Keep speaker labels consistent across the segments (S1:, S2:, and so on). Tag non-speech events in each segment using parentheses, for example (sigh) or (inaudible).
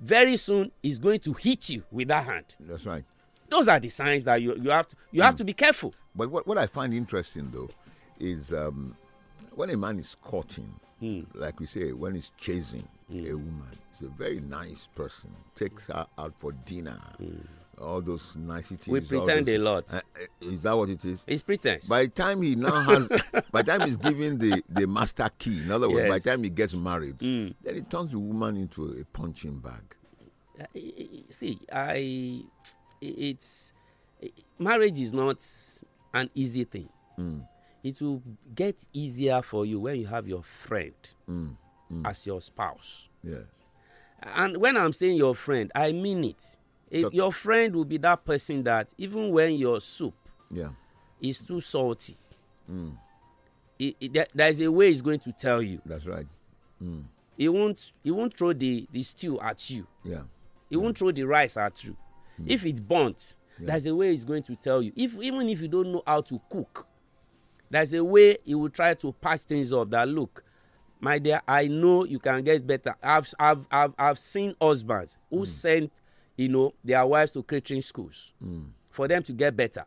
S1: very soon he's going to hit you with that hand. That's right. Those are the signs that you, you have to you mm. have hmm. to be careful. But what, what I find interesting though is um, when a man is courting, mm. like we say, when he's chasing mm. a woman, he's a very nice person, takes her out for dinner. Hmm all those niceties. We pretend those, a lot. Uh, is that what it is? It's pretense. By the time he now has, (laughs) by the time he's given the, the master key, in other words, yes. by the time he gets married, mm. then he turns the woman into a punching bag.
S2: Uh, see, I, it's, marriage is not an easy thing. Mm. It will get easier for you when you have your friend mm. as your spouse. Yes. And when I'm saying your friend, I mean it. It, your friend will be that person that even when your soup yeah. is too salty, mm. it, it, there's a way he's going to tell you. That's right. Mm. He won't he won't throw the, the stew at you. Yeah. He yeah. won't mm. throw the rice at you. Mm. If it's burnt, yeah. there's a way he's going to tell you. If even if you don't know how to cook, there's a way he will try to patch things up that look, my dear, I know you can get better. I've I've I've, I've seen husbands who mm. sent you know, their wives to Christian schools mm. for them to get better.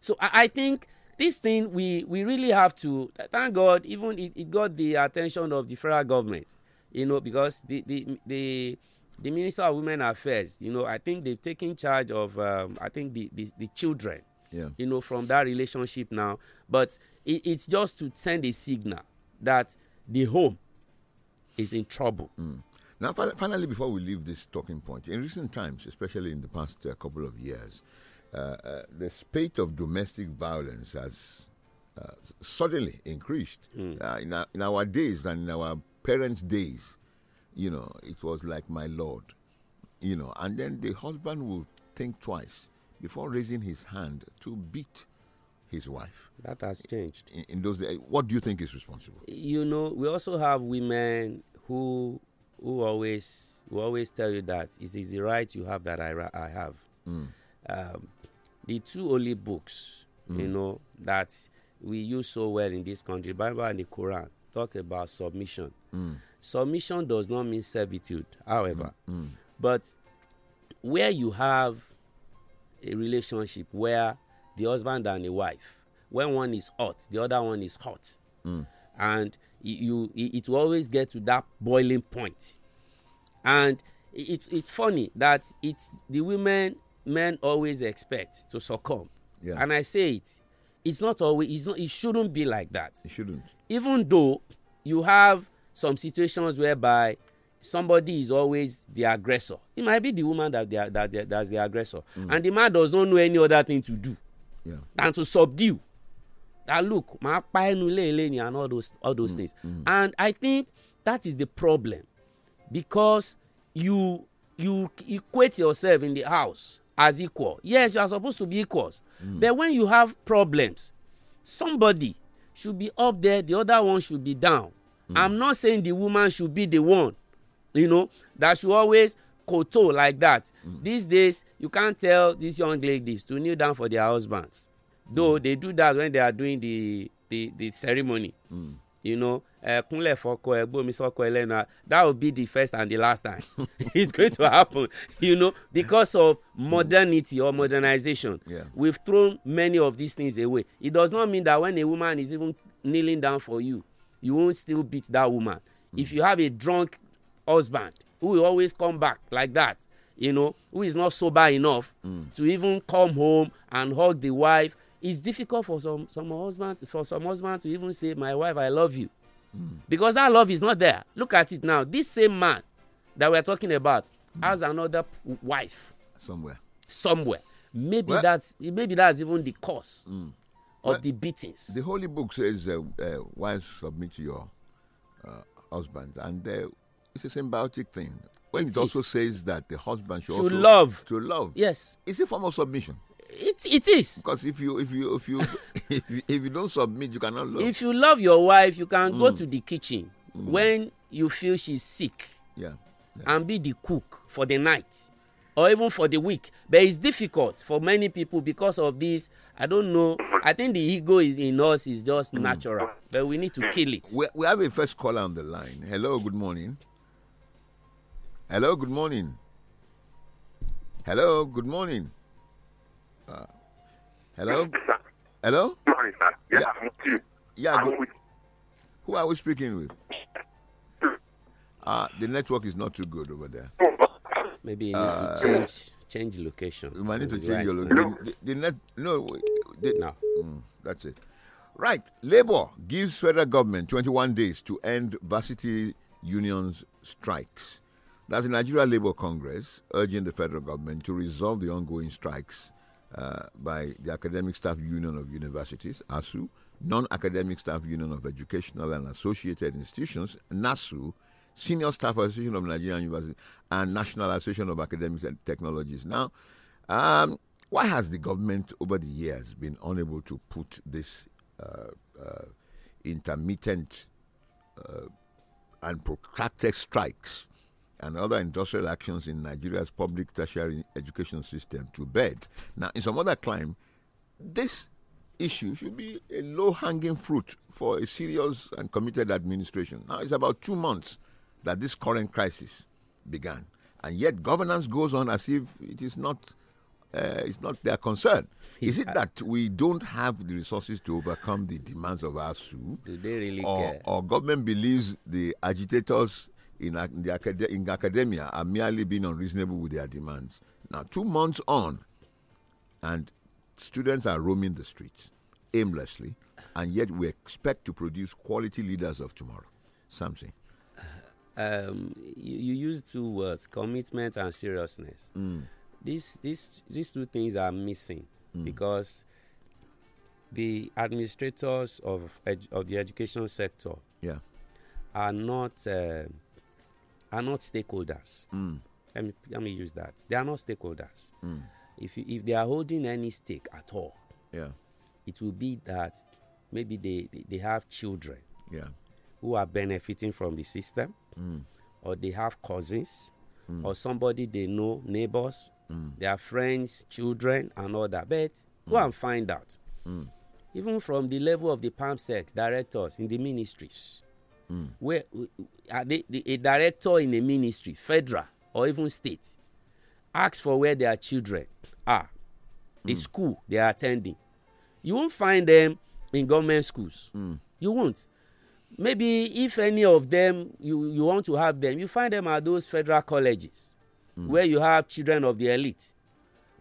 S2: So I, I, think this thing we we really have to thank God. Even it, it got the attention of the federal government, you know, because the the the, the minister of women affairs, you know, I think they've taken charge of um, I think the, the, the children, yeah. you know, from that relationship now. But it, it's just to send a signal
S1: that the home is in trouble. Mm. Now, finally, before we leave this talking point, in recent times, especially in the past uh, couple of years, uh, uh the spate of domestic violence has uh, suddenly increased. Mm. In, our, in, our, days and in our parents' days, you know, it was like, my lord, you know, and then the husband will think twice before raising his hand to beat his wife. That has changed. In, in, those days, what do you think is responsible?
S2: You know, we also have women who who always who always tell you that it is the right you have that I, I have. Mm. Um, the two holy books, mm. you know, that we use so well in this country, Bible and the Quran, talk about submission. Mm. Submission does not mean servitude, however, mm. Mm. but where you have a relationship where the husband and the wife, when one is hot, the other one is hot, mm. and you, it will always get to that boiling point and it's it's funny that it's the women men always expect to succumb yeah. and i say it it's not always it's not it shouldn't be like that it shouldn't even though you have some situations whereby somebody is always the aggressor it might be the woman that they are, that they, that's the aggressor mm. and the man does not know any other thing to do yeah. than to subdue That look màá pa ẹnu ilé ilé ni and all those all those mm, things mm. and i think that is the problem because you you equate yourself in the house as equal yes you are supposed to be equals mm. but when you have problems somebody should be up there the other one should be down mm. i'm not saying the woman should be the one you know that should always koto like that mm. these days you can't tell these young ladies to kneel down for their husbands though mm. they do that when they are doing the the the ceremony mm. you know kunle fọkọ ẹ gbomi sọkọ ẹ lẹnu that will be the first and the last time (laughs) (laughs) it's going to happen you know because of hmm. modernity or modernization yeah. we've thrown many of these things away it does not mean that when a woman is even kneeling down for you you won't still beat that woman mm. if you have a drunk husband who will always come back like that you know who is not sober enough mm. to even come home and hug the wife it's difficult for some some husband for some husband to even say my wife i love you mm. because that love is not there look at it now this same man that we're talking about mm. has another wife somewhere somewhere maybe well, that's maybe
S1: that's even the cause mm. of well, the beatings the holy book says uh, uh, wives submit to your uh, husbands and uh, it's a symbiotic thing when it, it also says that the husband should, should love to love yes it's a form of submission It it is. Because if you if you if you (laughs) if, you, if you don't submit, you cannot love. If you love your wife, you
S2: can mm. go to the kitchen mm. when you feel she's sick. Yeah, yeah. And be the cook for the night or even for the week. But it's difficult for many people because of this. I don't know. I think the ego is in us is just mm. natural, but we need to kill it.
S1: We, we have a first caller on the line. Hello, good morning. Hello, good morning. Hello, good morning. Uh, hello? hello? Morning, sir. yeah, I'm with you. Yeah, I'm go- with Who are we speaking with? Uh, the network is not too good over there. Maybe it needs uh, to change change location. You might need to change your location. The, the, net no the, no. Mm, that's it. Right. Labour gives federal government 21 days to end varsity unions strikes. That's the Nigeria Labour Congress urging the federal government to resolve the ongoing strikes uh, by the Academic Staff Union of Universities, ASU, Non-Academic Staff Union of Educational and Associated Institutions, NASU, Senior Staff Association of Nigerian Universities, and National Association of and Technologies. Now, um, why has the government over the years been unable to put this uh, uh, intermittent uh, and protracted strikes and other industrial actions in Nigeria's public tertiary education system to bed. Now, in some other climb, this issue should be a low hanging fruit for a serious and committed administration. Now, it's about two months that this current crisis began, and yet governance goes on as if it is not. Uh, it's not their concern. Is it that we don't have the resources to overcome the demands of our sue? Do they really or, care? Or government believes the agitators in, the acad- in academia are merely being unreasonable with their demands. Now, two months on, and students are roaming the streets aimlessly, and yet we expect to produce quality leaders of tomorrow. Something. Uh,
S2: um, you, you use two words: commitment and seriousness. Mm. These these these two things are missing mm. because the administrators of of the education sector yeah. are not. Uh, are not stakeholders. Mm. Let me let me use that. They are not stakeholders. Mm. If you, if they are holding any stake at all, yeah, it will be that maybe they they, they have children, yeah, who are benefiting from the system, mm. or they have cousins, hmm. or somebody they know, neighbors, hmm. their friends, children, and all that. But go hmm. and find out even from the level of the palm sex directors in the ministries Mm. Where are uh, uh, they, the, a director in a ministry, federal or even state, asks for where their children are, the mm. school they are attending. You won't find them in government schools. Mm. You won't. Maybe if any of them you, you want to have them, you find them at those federal colleges mm. where you have children of the elite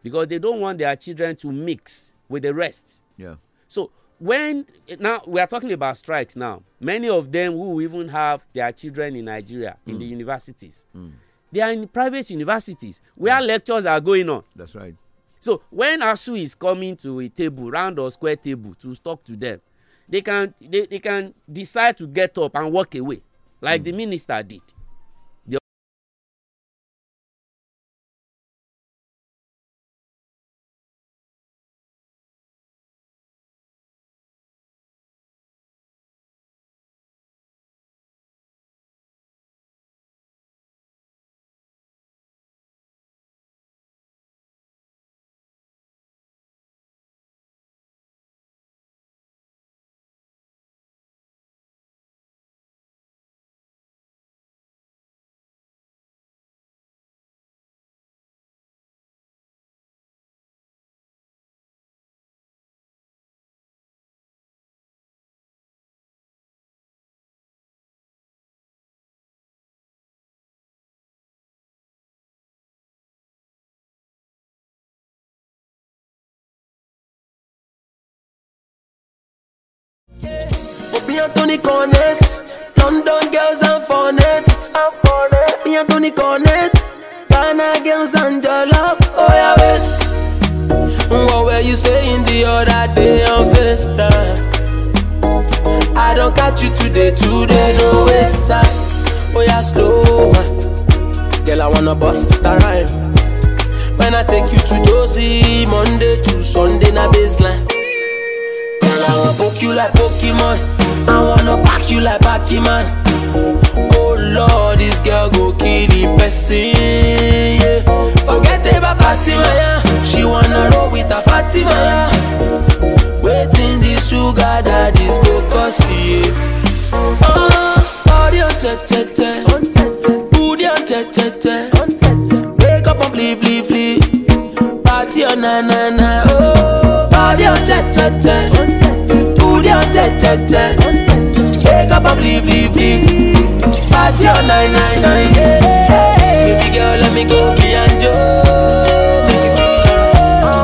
S2: because they don't want their children to mix with the rest. Yeah. So when now we are talking about strikes now many of them who even have their children in nigeria mm. in the mm. universities mm. they are in private universities where mm. lectures are going on that's right so when asu is coming to a table round or square table to talk to them they can they, they can decide to get up and walk away like the mm. minister did
S3: Me and Tony Cornets, London girls and phonetics. Me and Tony Cornets, Ghana girls and jollof. Oh yeah, wait. What were you saying the other day on FaceTime? I don't catch you today, today don't waste time. Oh yeah, slow man, girl I wanna bust a rhyme. When I take you to Josie, Monday to Sunday na baseline. I wanna poke you like Pokemon. I wanna pack you like
S4: Pac-Man. Oh Lord, this girl go kill the person. Yeah. Forget about Fatima, yeah. She wanna roll with a Fatima, yeah. Waiting this sugar that is go cause yeah.
S5: Oh, uh, body on te te te, on te te, booty on te te te, on te te. Wake up and leave, leave, leave. Party on na na na, oh, party on te te te, on te party on che che che. Wake up and leave leave leave. Party on nine nine nine. Yeah. Baby girl, let
S6: me go be and you.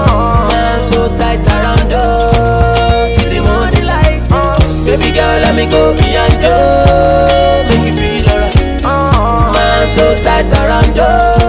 S6: Make you feel Man so tight
S7: around you till the morning light. Baby girl, let me go be and you. Make you feel alright. Man so tight around you.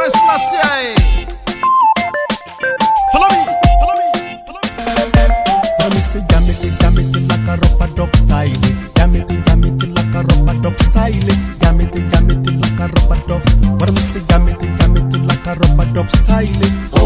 S8: Prince Lassie. Eh? Follow me, follow me, follow me. Let me say, jam
S4: it, jam it like a rubber dog style. Jam eh. it, jam it like a rubber dog style. Jam eh. it, jam it like a rubber dog. What me say, jam it, jam it like a rubber dog style.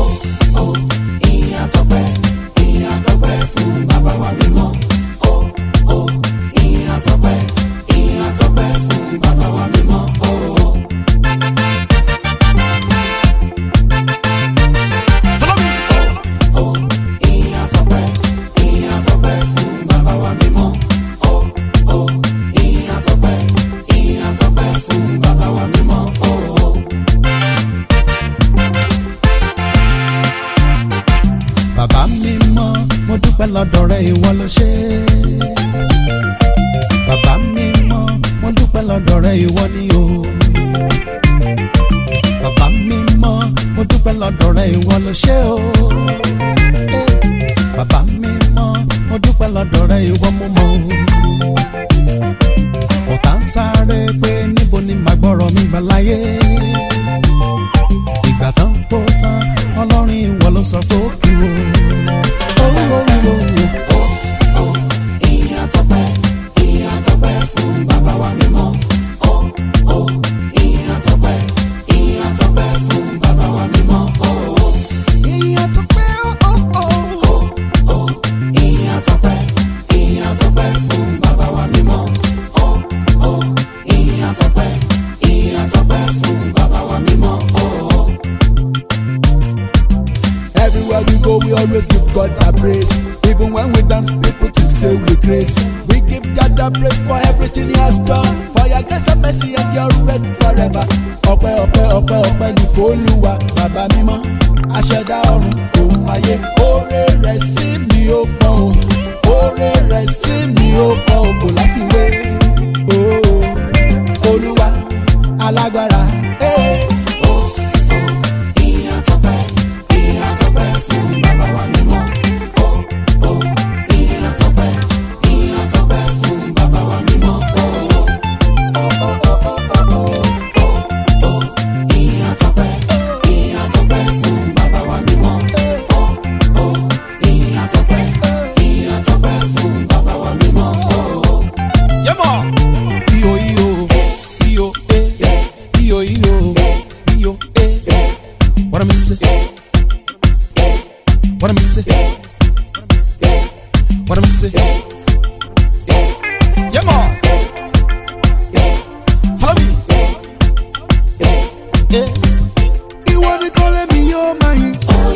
S4: yóò máa yìn. Oh,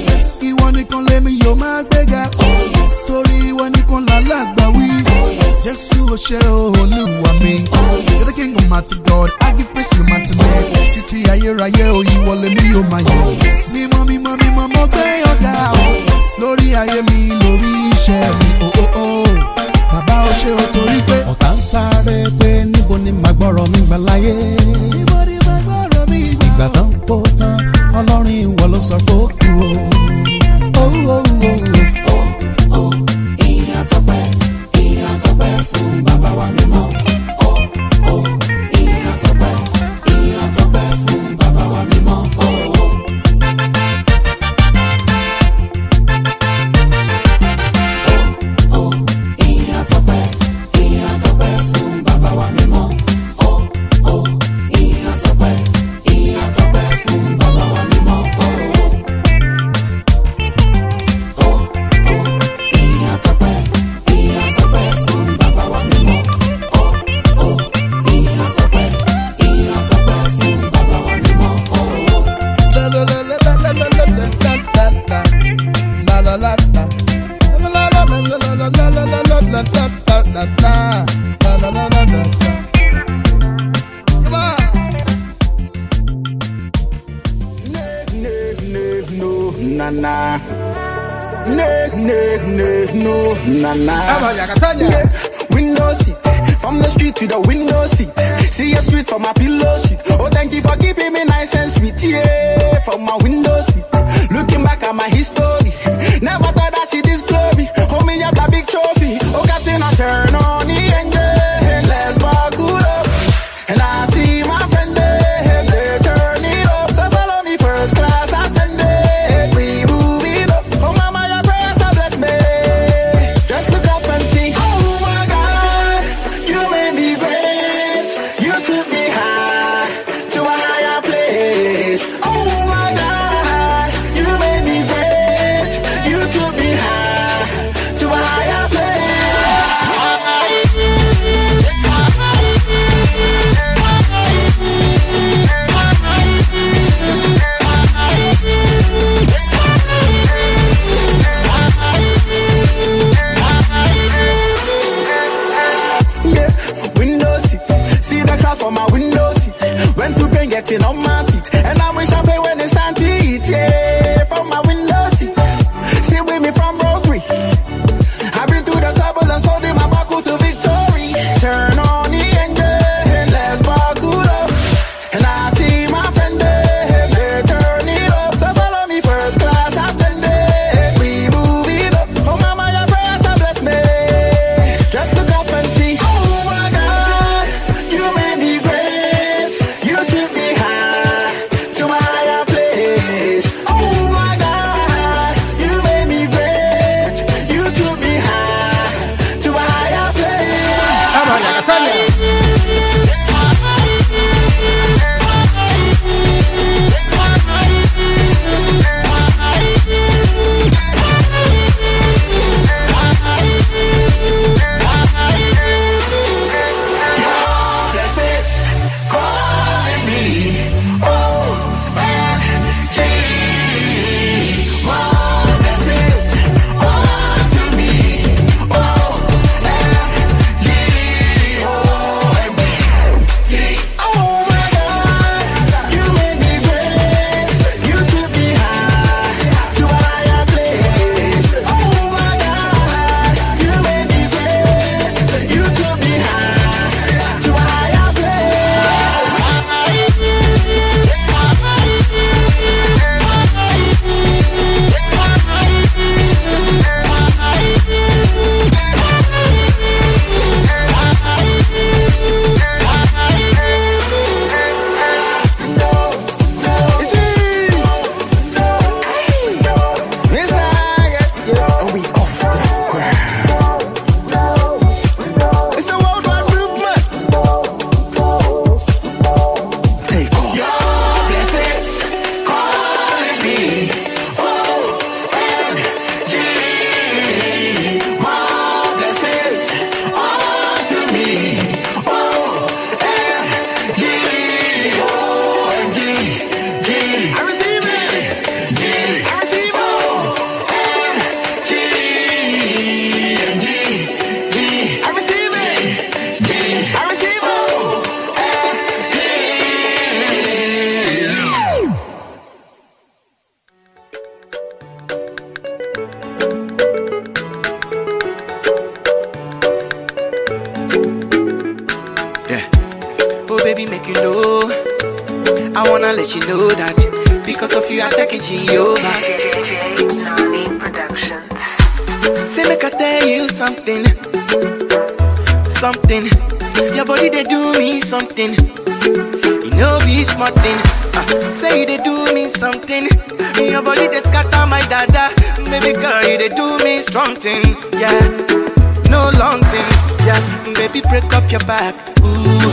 S4: ìwọ nìkan lèmi yóò máa gbéga. Oh, torí ìwọ nìkan làlágbà wí. Oh, Jésù o ṣé olúwa mi. You're the king of mighty God, I give praise to mighty man. Títí ayérayé o ìwọ lèmi yóò máa yìn. Mímọ́ mímọ́ mímọ́ mo gbé ọ̀gá o. Lórí ayé mi, lórí iṣẹ́ mi, o o o. Bàbá o ṣé o torí pé. Ọ̀tá ń sáré pé níbo ni màá gbọ́rọ̀ mi gbà láyé. Níbo ni màá gbọ́rọ̀ mi gbà. Ìgbà tán kó balança
S9: pouco
S4: Your body they do me something. You know be smart thing. Uh, say they do me something. Your body they scatter my dada. Baby girl, you they do me strong thing. Yeah, no long thing. Yeah, baby break up your back. Ooh,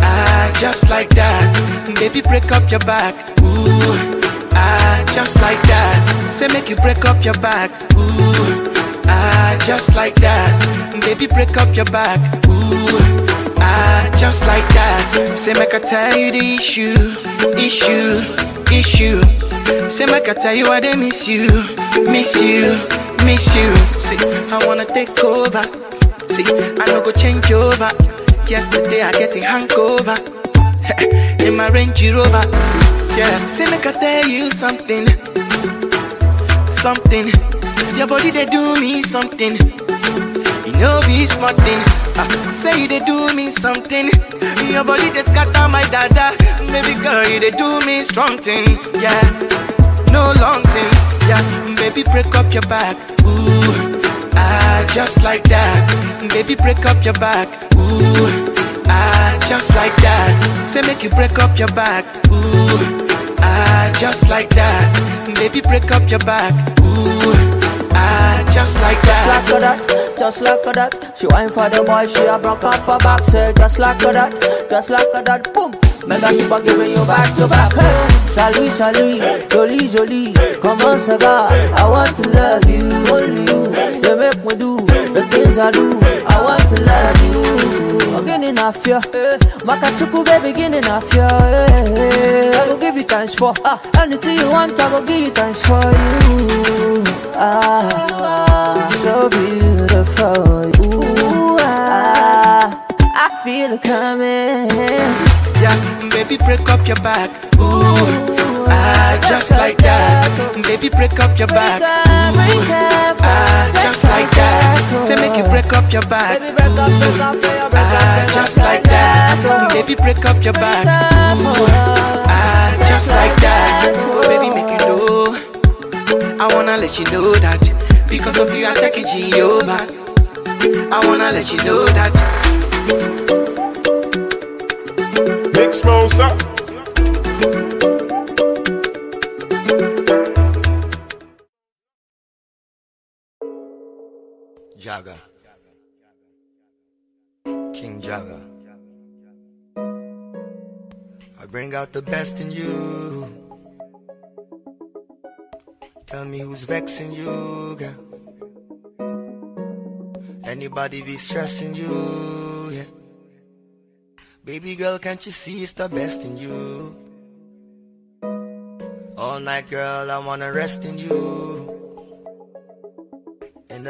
S4: ah, just like that. Baby break up your back. Ooh, ah, just like that. Say make you break up your back. Ooh, ah, just like that. Baby break up your back. Ooh. Ah, just like that. Say, make I tell you the issue, issue, issue. Say, make I tell you I did miss you, miss you, miss you. See, I wanna take over. See, I no go change over. Yesterday I get a hangover. (laughs) In my Range Rover. Yeah, say, make I tell you something, something. Your body, they do me something. You know, be smart thing say they do me something. Your body they scatter my dada. Baby girl, they do me strong thing. Yeah, no long thing. Yeah, baby break up your back. Ooh, ah, just like that. Baby break up your back. Ooh, ah, just like that. Say make you break up your back. Ooh, ah, just like that. Baby break
S5: up your back. Ooh.
S6: Ah, just like that. Just like that, just like that. She wine for the boy, she a broke off her back. Say just like that, just like that. Boom. Mega super giving you back to back. Hey, salut, salut, jolie, jolie. Comment ça va? I want to love you, only you. You make me do the things I do. I want to love you. Again enough, yeah. Eh, Makachuku, baby, again enough, yeah. Eh, I will give you times for uh, anything you want. I will give you times for
S7: you. Ah, so beautiful. Ooh, ah, I feel it coming. Yeah,
S4: baby, break up your back. Ooh. Ah, just like that. Baby, break up your back. Ooh. Ah, just like that. Say make you break up
S6: your back. Ooh. Ah, just like that. Baby, break up your back. Ooh. Ah, just like that. Oh, baby, make you know.
S4: I wanna let you know that because of you, I take it over. I wanna let you know that. Big Smosa. King Jagger. I bring out the best in you. Tell me who's vexing you, girl. Anybody be stressing you, yeah. Baby girl, can't you see it's the
S6: best in you? All night, girl, I wanna rest in you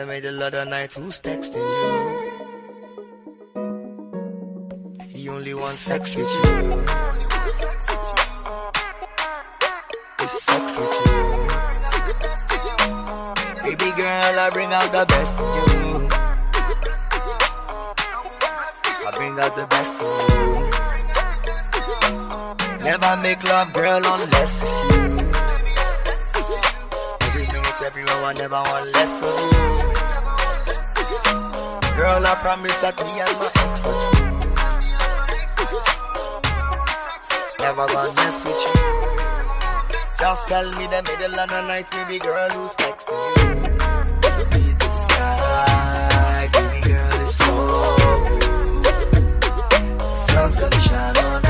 S6: made a the of night who's texting you. He only wants sex with you. It's sex with you. Baby girl, I bring out the best in you.
S4: I bring out the best
S6: in you. Never make love, girl, unless it's you every hour, never want less of you. Girl, I promise that me and my ex are true. Never gonna mess with you. Just tell me the middle of the night, baby girl, who's next to you? Be the sky, baby girl,
S9: is so blue. The sun's gonna shine on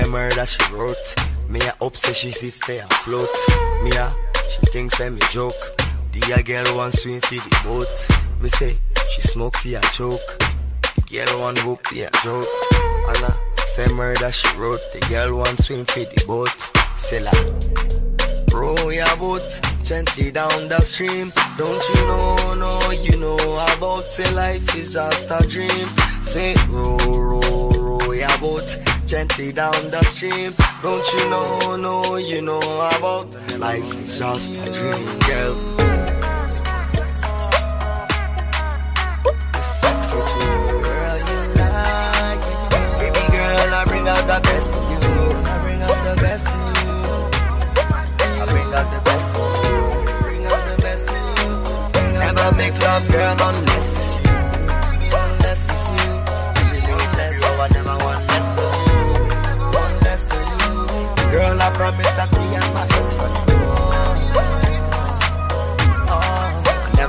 S4: say murder she wrote. Me a up say she fit stay afloat. Me a ah, she thinks I'm a joke. The girl want swim for the boat. Me say she smoke for a choke. The girl want whoop for a joke. Anna say murder she wrote. The girl want swim for the boat. Say la. Row your boat gently down the stream. Don't you know, no, you know about say life is just a dream. Say row, row, row your boat gently down the stream. Don't you know, no, you know about life is just a dream, girl. girl,
S6: you Baby girl, I bring out the best in you. I bring out the best in you. I bring out the best in you. Never make love, girl,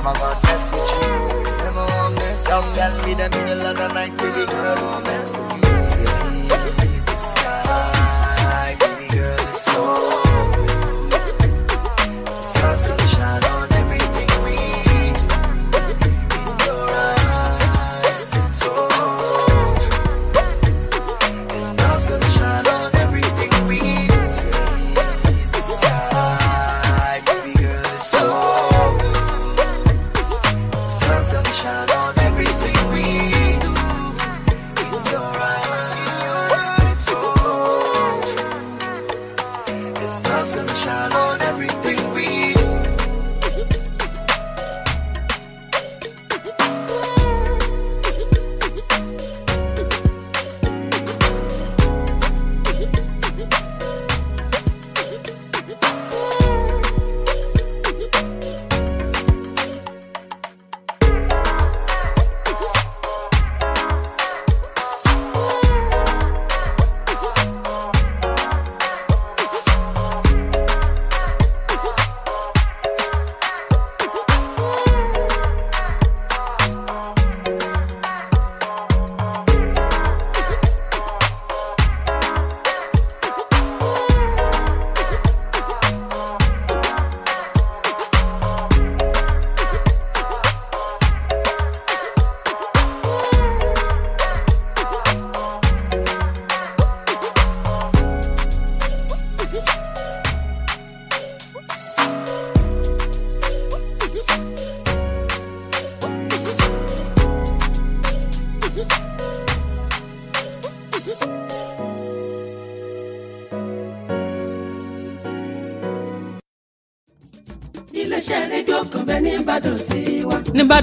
S6: I'm gonna mess with you. Never want mess. Just tell me the middle of the night, baby girl, do mess with you. Say, baby girl, it's so.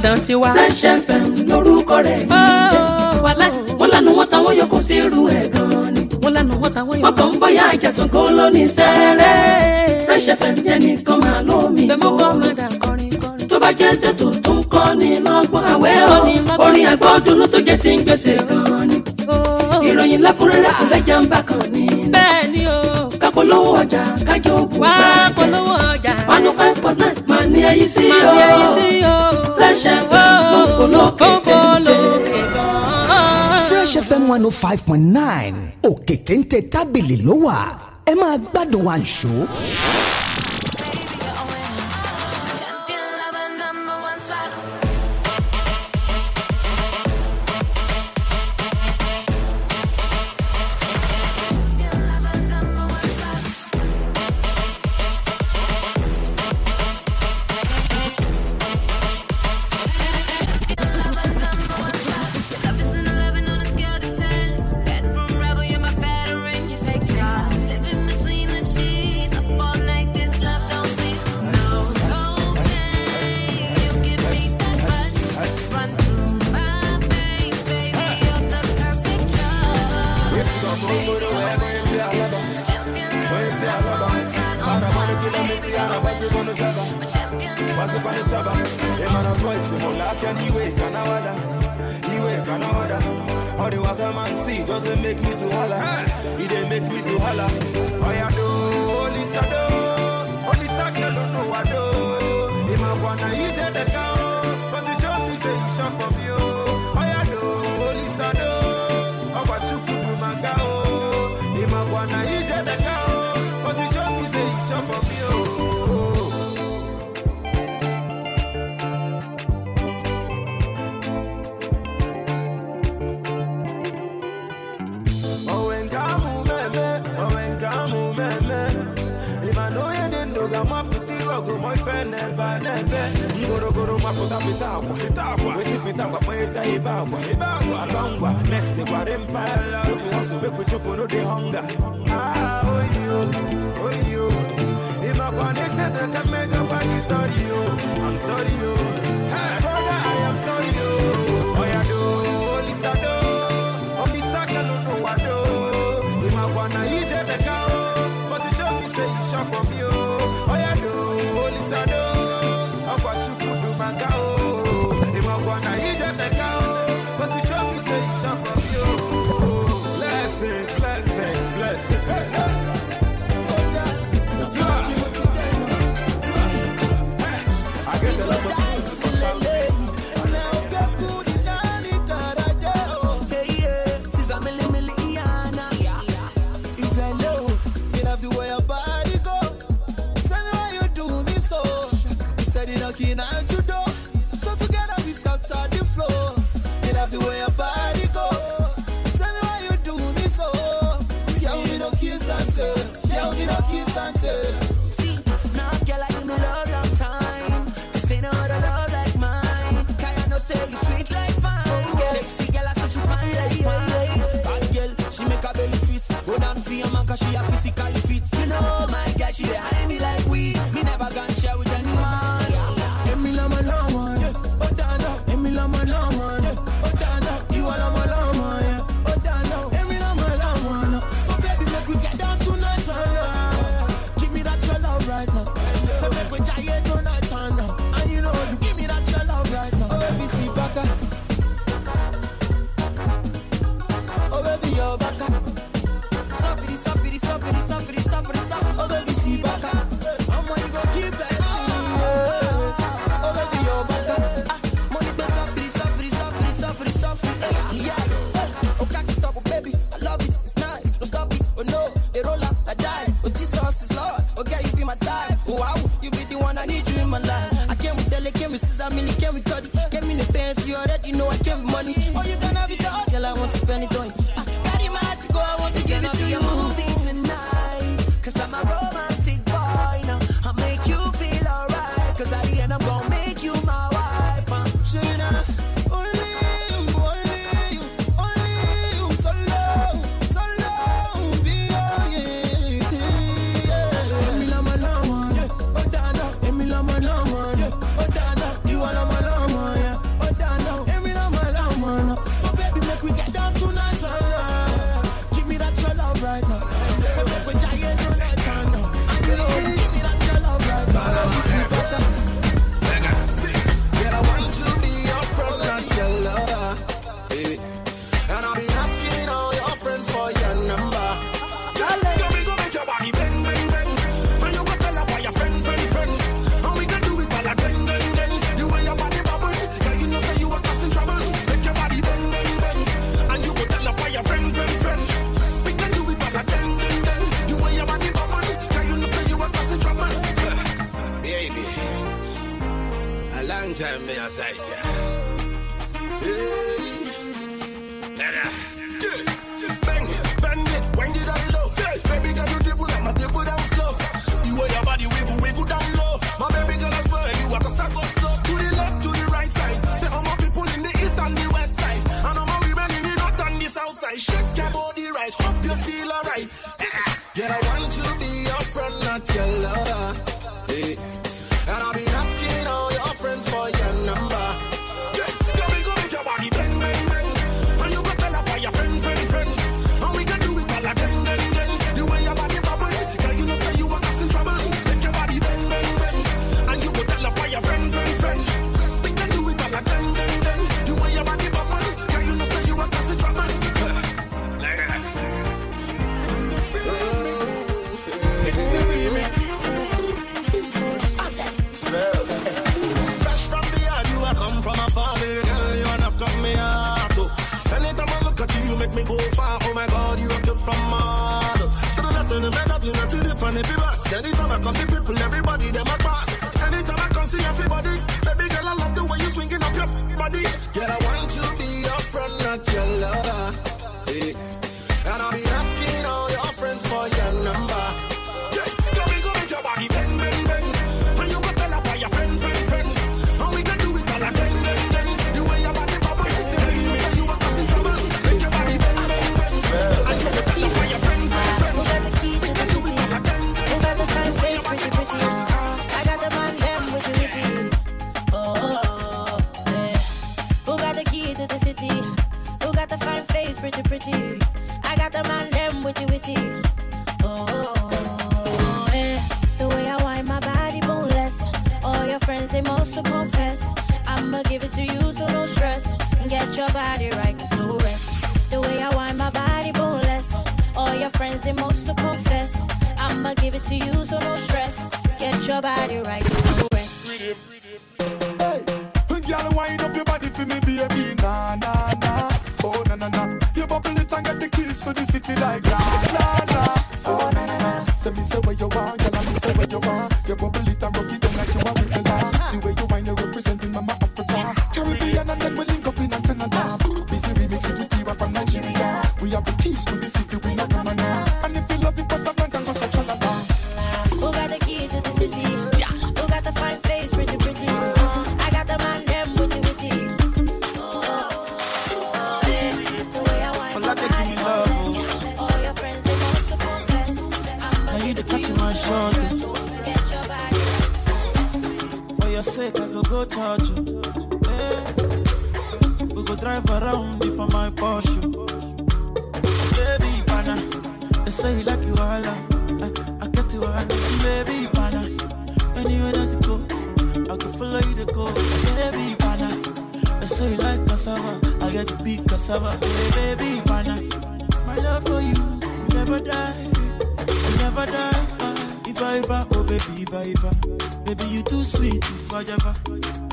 S7: lọ́dọ̀ tiwa. Fresh FM lórúkọ rẹ̀ yìí oh. jẹ́ wọ́n lanu wọn táwọn yòókù sí irú ẹ̀ gan-an
S10: ni wọ́n lanu wọn táwọn
S7: yòókù. ọkàn ń bọ̀yà ìjẹsùn kó ló ní sẹ́rẹ́ Fresh FM yẹn nìkan máa lómi kó tó bá jẹ́ tètò tó ń kọ́ ni lọ́gbọ́n àwẹ́ o orin àgbọ̀dúnú tó jẹ́ ti ń gbèsè gan-an ni oh. ìròyìn lẹ́kùnrẹ́rẹ́ kò lẹ́jà ń bà kan ni. bẹ́ẹ̀ ni o polówó polówó ọjà. one oh five point nine máa ní Fresh FM mo fò lókè téńté.
S11: Fresh FM one oh five point nine òkè téńté tábìlì ló wà ẹ máa gbádùn àǹṣó. a benefits. Go down for your man, cause she a physically fit. You know, my girl, she dey behind me like we. Me never gonna share with anyone.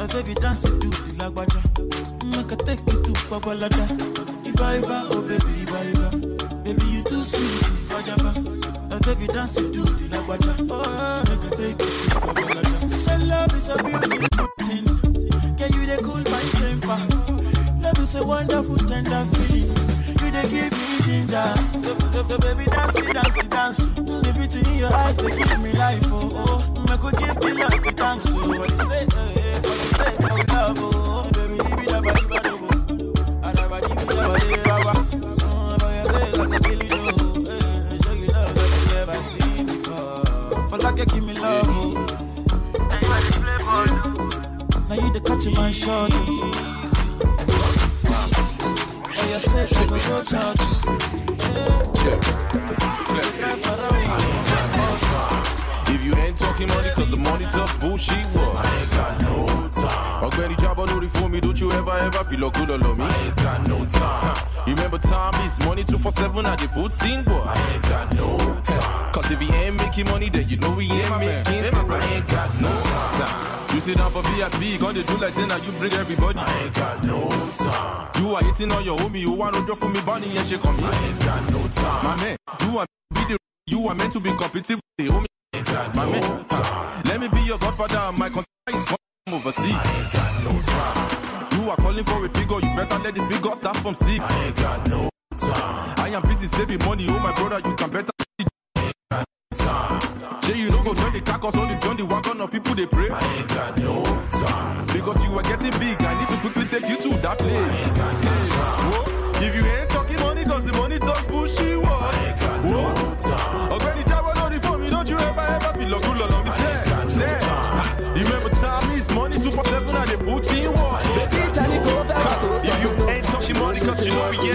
S8: My baby dance to the lagwaja. Make I take you to Babalada. Iva Iva, oh baby Iva Iva. Baby you too sweet, Iva Jaba. My baby dance to the lagwaja. Oh, make I take you to Babalada. Say love is a beautiful thing. Can you dey cool my temper? Love is a wonderful tender
S9: feeling. You dey give me ginger. Love, So baby dance, dance, dance.
S8: Everything in your eyes they give me life. Oh, oh. Make I give you love thanks. Oh, what you say? Hey. Eh?
S12: Yeah. money, cause the money tough bullshit was. I ain't got no time. My granny job, I know for me. Don't you ever, ever feel like good on me. I ain't got no time. Remember, time is money 247. I did put in, boy. I ain't got no time. Cause if he ain't making money, then you know he ain't yeah, making sense. I ain't got no time. You sit down for VIP, gonna do like saying that you bring everybody. I ain't got no time. You are hitting on your homie, You want to draw for me, bunny, and she come here. I ain't got no time. My man, you are, be the, you are meant to be competitive with the homie. My no man, time. let me be your godfather. My contract is come overseas. I ain't got no time. You are calling for a figure, you better let the figure start from six. I ain't got no time. I am busy saving money. Oh my brother, you can better. I ain't got no time. Say you know go join the crackers all the join the wagon of people they pray. I ain't got no time. Because you are getting big, I need to quickly take you to that place.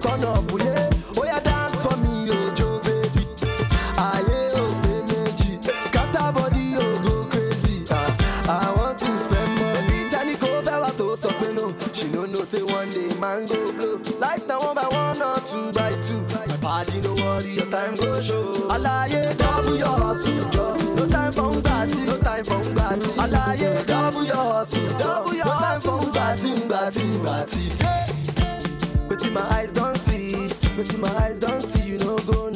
S4: turn up, oh yeah. Oh yeah, dance for me, yo, oh, Joe baby. Ah yeah, oh energy, scatter body, yo, oh, go crazy. Ah, I want to spend money. Tani go fella to suck me no. She don't know say one day man go blow. Life now one by one or two by two. My body, no worry, your time go
S6: show. Alaye, double your hustle, No time for party, no time for party. Alaye, double your hustle, double your hustle. No time for party, party, party. Yeah. my eyes don't see, but my eyes don't see, you know go now.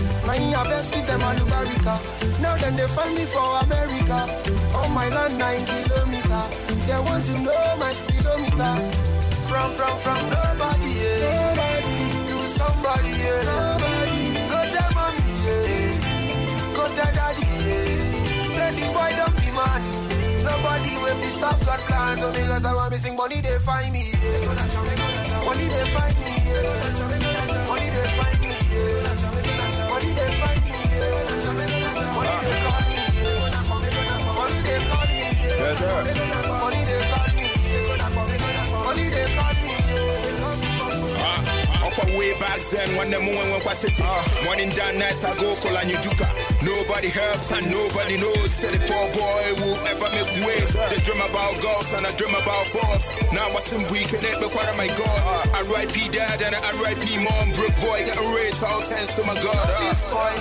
S4: Mine harvest with them alubarica. Now then they find me for America. On my land nine kilometer. They want to know my speedometer.
S9: From from from nobody, yeah. nobody to somebody, yeah.
S4: somebody. Go tell mommy, yeah. go tell daddy, yeah. say the boy don't be man. Nobody will be stop God plans. So because I want missing money, they find me. Yeah. Money they find me. Yeah. Ah, up a way back then when the moon went what it uh, ah. Morning down night I go call a new duka Nobody helps and nobody knows Said the poor boy will ever make waves They dream about girls and I dream about Forbes Now I seem
S12: weak in it before my god ah. I write P dad and I write P mom Brook boy got raised all thanks to my god uh. This
S4: boy,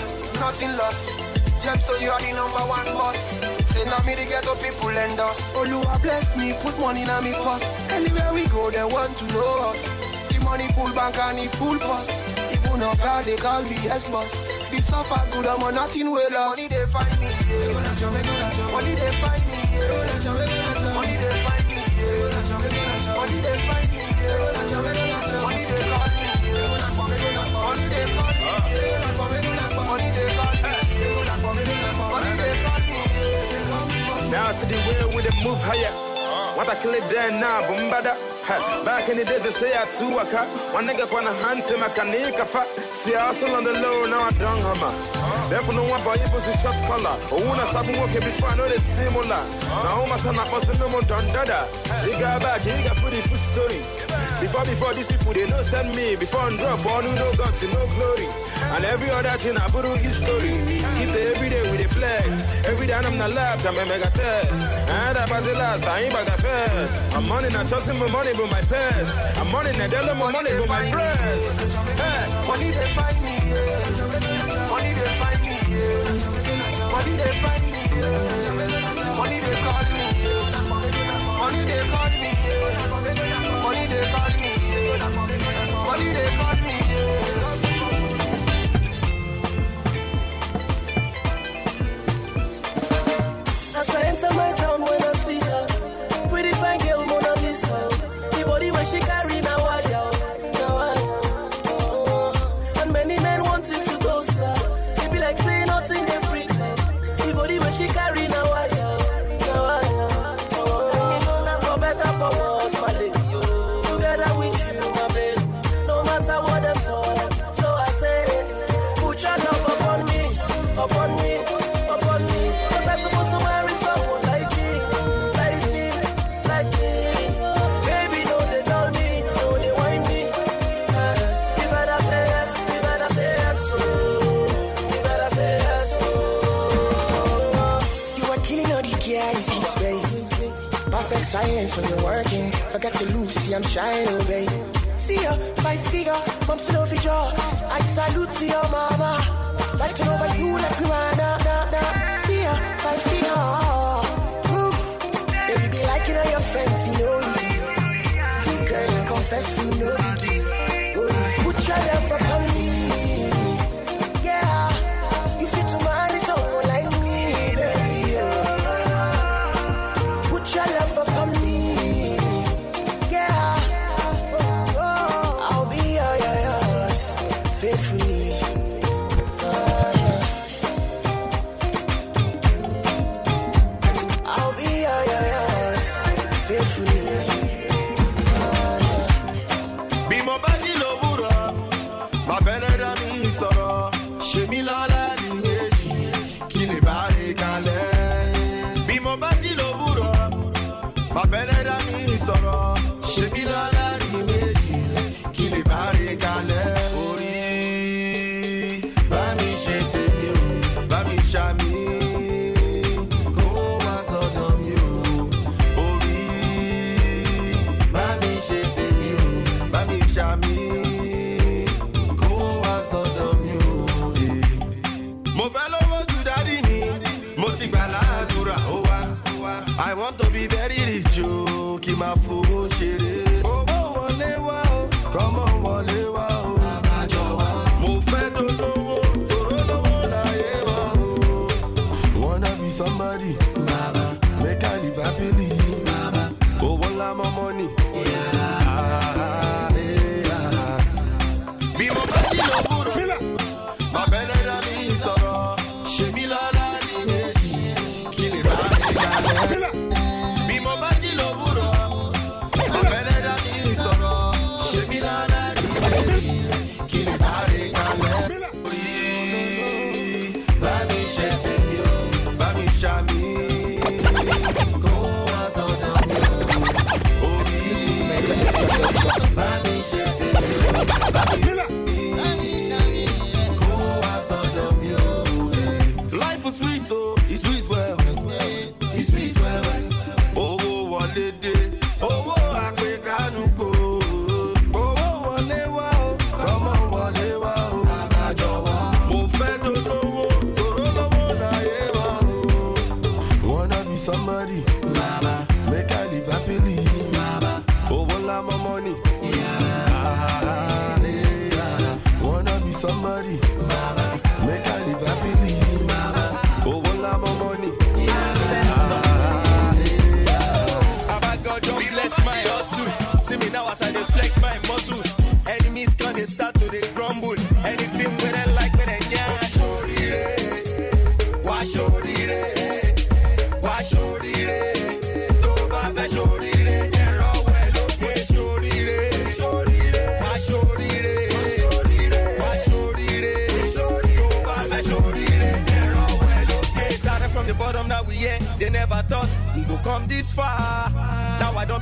S4: nothing lost James to you are the number one boss Everything on me, the ghetto people and us. Oh Olua bless me, put money in me purse. Anywhere we go, they want to know us. The money full bank and the full bus. Even up God, they call me S-Bus. The suffer good, I'm on nothing with us. Money they find me, yeah. Money they find me, yeah. Money they find me, yeah. Money they find me, yeah. move higher. What I kill it now, bumbada.
S12: Back in the days they say I too One nigga wanna a ah. shot collar. Oh una sabu walk before I know they similar. Now my son I more done dada. He Before, before these people, they no send me. Before I'm drop, all who no guts, no glory. And every other thing I put on history. Hit the everyday with a flex. Every day I'm not left, I'm a mega test. And I pass the last, I ain't back at first. I'm money, I am in my money, but my past. I'm money, it, I tell them my money, but my breath. Hey, money they find me,
S13: yeah. Money they find me, yeah. Money they find me, yeah. Money they call me, yeah. Money they call me, yeah
S7: they call me. they.
S3: got to lose, see I'm shining, oh, babe. See ya, fight figure, bumps it over jaw. I salute to your mama. Right over you like piranha, nah, nah.
S4: abẹ́lẹ́dá mi sọ̀rọ̀ ṣèbí lọ́la.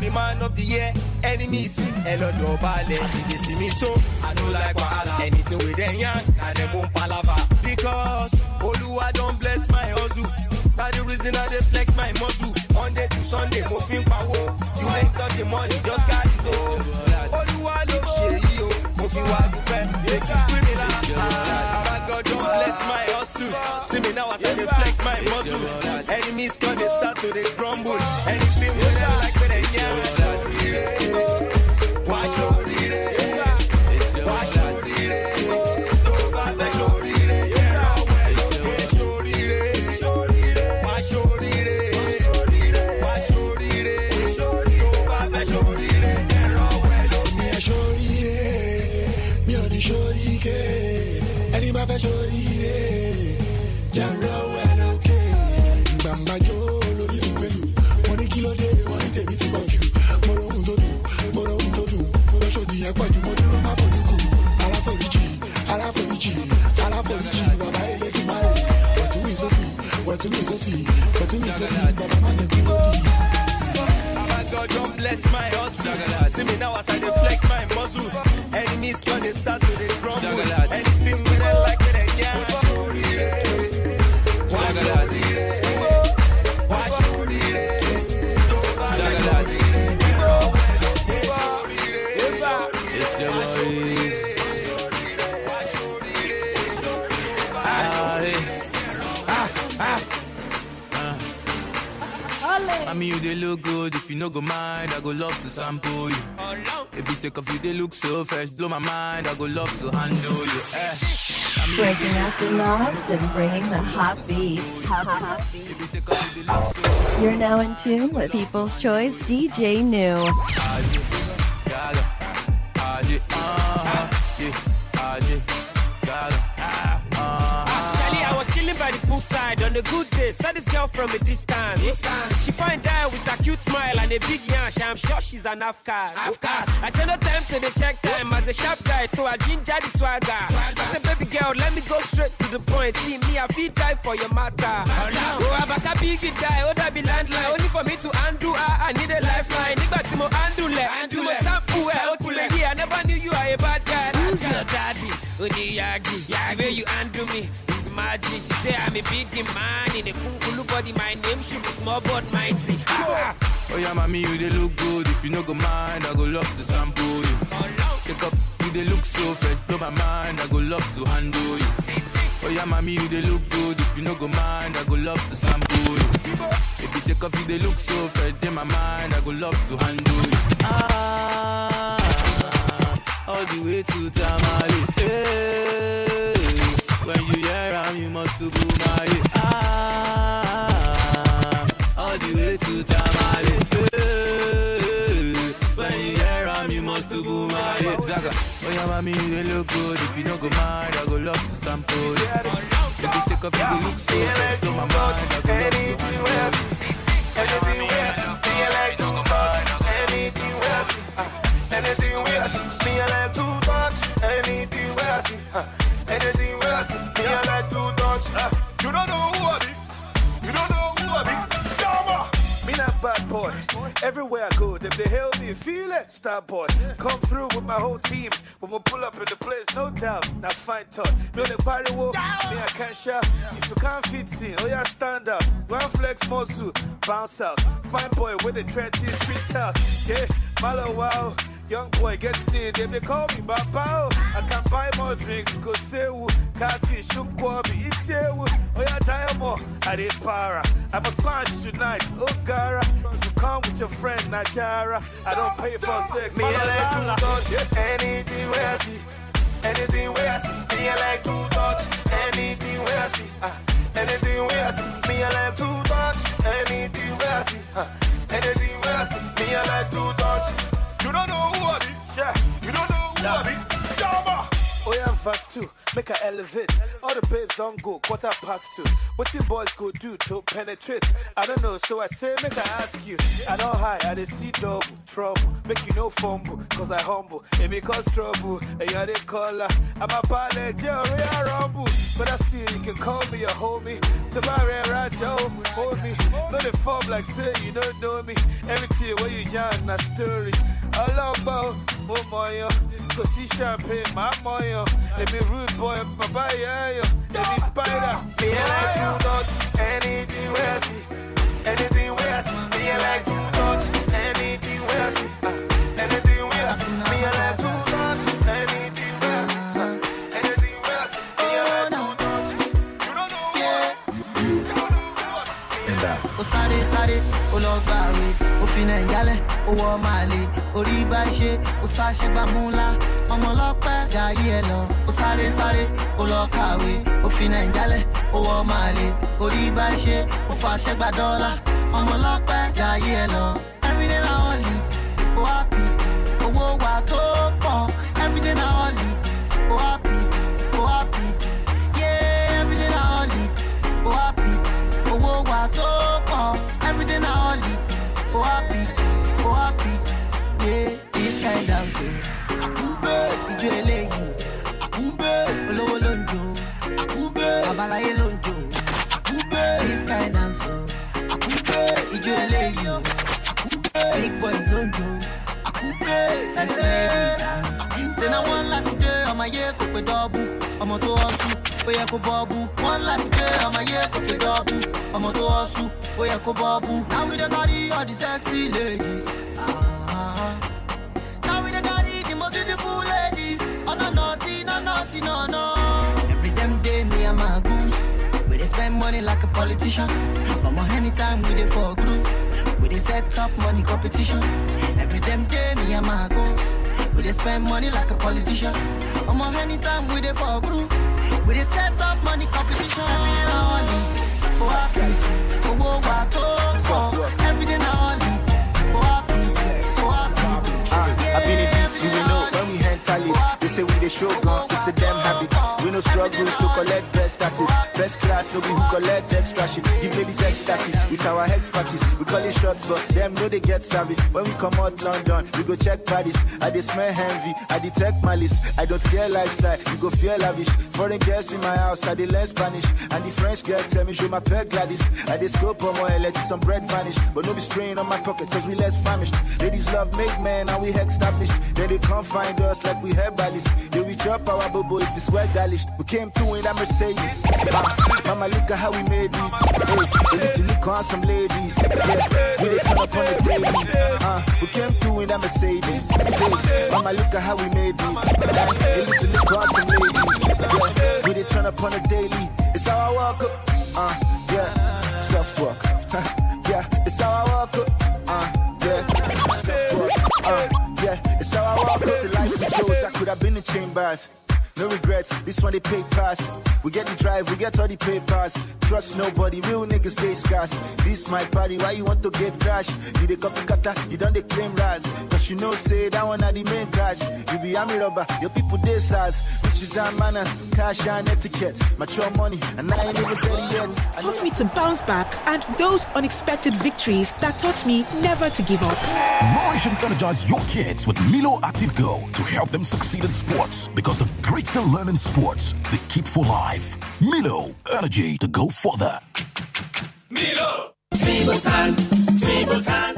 S4: the man of the year. Enemies, hello, do bale. See this me so, I don't like wahala. Anything with them young, now them won't palava. Because Oluwa don't bless my hustle. Now the reason I dey flex my muscle. Monday to Sunday, moving power. You ain't talk the money, just got it go. Oh. Oluwa ló ṣe yí o, oh. mo fi Make you scream it ah, God don't bless my hustle. See me now as I dey flex my muscle. Enemies come, they start to dey crumble. Enemies go mind, I go love to sample you. If you take a few, they look so fresh. Blow my mind, I go love to handle you. Eh.
S7: Breaking up the knobs and bringing the hot beats. Hot, hot beats.
S5: You're now in tune with People's Choice DJ New.
S2: say, saw this girl from a distance. distance. She find out with a cute smile and a big yash. I'm sure she's an Afghan. Afghan. I say no time to the check time as a sharp guy, so I ginger the swagger. swagger. I say, baby girl, let me go straight to the point. See me, I feel die for your matter. Oh, I'm a big guy, oh, that be landline. Only for me to undo, I, ah, I need a lifeline. Nigga, Timo, undo left. Timo, sample, oh, I never knew you are a bad guy. Who's your daddy? Oh, the Yagi. The you undo me magic. She say I'm a big man in a cool body. My name should be small but mighty. Oh
S4: yeah, mommy, you they look good. If you no go mind, I go love to sample you. Take up, you they look so fresh. Blow my mind, I go love to handle
S12: you. Oh yeah, mommy, you they look good. If you no go mind, I go love to sample you. If you take off, you they look so fresh. In my mind, I go love to handle you. Ah, all the way to Tamale. Hey. Eh.
S13: Mommy, they look good. If you don't go mad, I go love to sample. If you take off, you look so fresh. Blow my mind, I go love to handle. Anything we me I like to touch. Anything we ask, anything we ask, me I like to touch. Ah, anything we me I like to touch. Ah, you don't know. Everywhere I go, them they help me feel it. boy. come through with my whole team. When we pull up in the place, no doubt. Now fight talk, no the party walk. Me I can shout. If you can't fit in, oh yeah, stand up. One flex muscle, bounce out. Fine boy with the trenches, street out. Yeah, Malo wow. Young boy get sneered, they may call me Baba. Oh. I can buy more drinks, cause say woo. Catfish, shook say isewu. Oh, yeah, more. I did para. I'm a sponge tonight, oh, Gara. If you come with your friend, Najara, I don't pay for sex, me. I like to touch anything where I see. Anything where I see. Me, I like to touch anything where I see. Ah, anything where I see. Me, I like to touch anything where I see. Ah, anything where I see. Me, I like to touch. You don't know who I be. Yeah. You don't know who I be. Jamba. Oh yeah, verse 2, make her elevate. All the babes don't go, quarter past two. What you boys go do to penetrate? I don't know, so I say, make I ask you. I don't hide, I did see double trouble. Make you no fumble, cause I humble. It may cause trouble, and you're the caller. I'm a ballet, Jerry, I rumble. But I still, you can call me your homie. Tomorrow, Rajo, hold me. Know the form like say you don't know me. Everything where you yarn, a story. I love about beau moyen. Cosy champagne, my moyen. Let me rude boy, papa, yeah, yeah. Let me spider. Me yeah, like you touch anything where I see.
S4: Anything where ah, I see. Ah, me yeah, like you touch anything where I see. anything where I see. Me yeah, like you touch anything where I see. anything where I see. Me
S9: yeah, like you touch. You don't know what. You don't know what.
S6: Osare, sare, ologba. fina ìyálẹ̀ owó ọmọ àlè orí bá ṣe ó ṣàṣe ọmọ ọlọ́pẹ́ jayé ẹ lọ ó sáré sáré ó lọ kàwé ó fina owó ọmọ àlè orí bá ṣe ó fàṣẹ ọmọ ọlọ́pẹ́ jayé ẹ lọ. everyday na only o happy owó wa tó pọ̀ everyday na only o happy o happy yeah everyday na only o happy owó wa tó pọ̀. boys don't do. I could pay, say, say, now one life today, I'm a oh, year, could be double. I'm a to us, we are Kobabu. One life today, I'm a oh, year, could be double. I'm a to us, we are Kobabu. Now we the body of the sexy ladies. Ah, now we the body, the most beautiful ladies. Oh, no, naughty, no, naughty, no, no. Every damn day, me and my goose. We they spend money like a politician. But more anytime we they for a groove. We they set up money competition. Every damn day, me and my go. We they spend money like a politician. I'm on time we they fall group. We they set up money competition. Every day, only. Oh, I peace. Oh, oh, I toast.
S4: So. Every day, only. Oh, I peace. So, I peace. Yeah, I've been in peace. You know when we hand tally. They say show gun, it's a damn habit. We no struggle to collect best status. Best class, no be who collect extra shit. Give ladies ecstasy with our expertise. We call it shots for them, no they get service. When we come out London, we go check Paris. I they smell envy, I detect malice. I don't care lifestyle, you go feel lavish. Foreign girls in my house, I they learn Spanish. And the French girl tell me, show my pet Gladys. I they scope on my let some bread vanish. But no be strain on my pocket, cause we less famished. Ladies love make man, and we established. Then they come find us like we have bodies. Yeah, we drop our bubble if it's wet galish. We came through in that Mercedes. Mama, look at how we made it. Hey, they let you look on some ladies. Yeah, we they turn up on the daily. Uh, we came through in that Mercedes. Hey, mama, look at how we made it. Yeah, they let you look on some ladies. Yeah, we they turn up on the daily. It's how I walk up. Uh, yeah, self talk. (laughs) yeah, it's how I walk up. Uh, yeah, self talk. Uh, yeah, it's how I walk up. Could have been in chambers. No regrets, this one they pay pass. We get the drive, we get all the papers. Trust nobody, real niggas stay scarce. This my party, why you want to get crash? You the copy cutter, you done the claim rise. Cause you know, say that one are the main cash. You be army rubber, your people they size. Riches and manners, cash and etiquette.
S3: Mature money, and I ain't even ready yet. Taught me to bounce back and those unexpected victories that taught me never to give up.
S8: Nourish and energize your kids with Milo Active Go to help them succeed in sports because the great it's the learning sports they keep for
S5: life. Milo, energy to go further.
S10: Milo! Table time! Table time!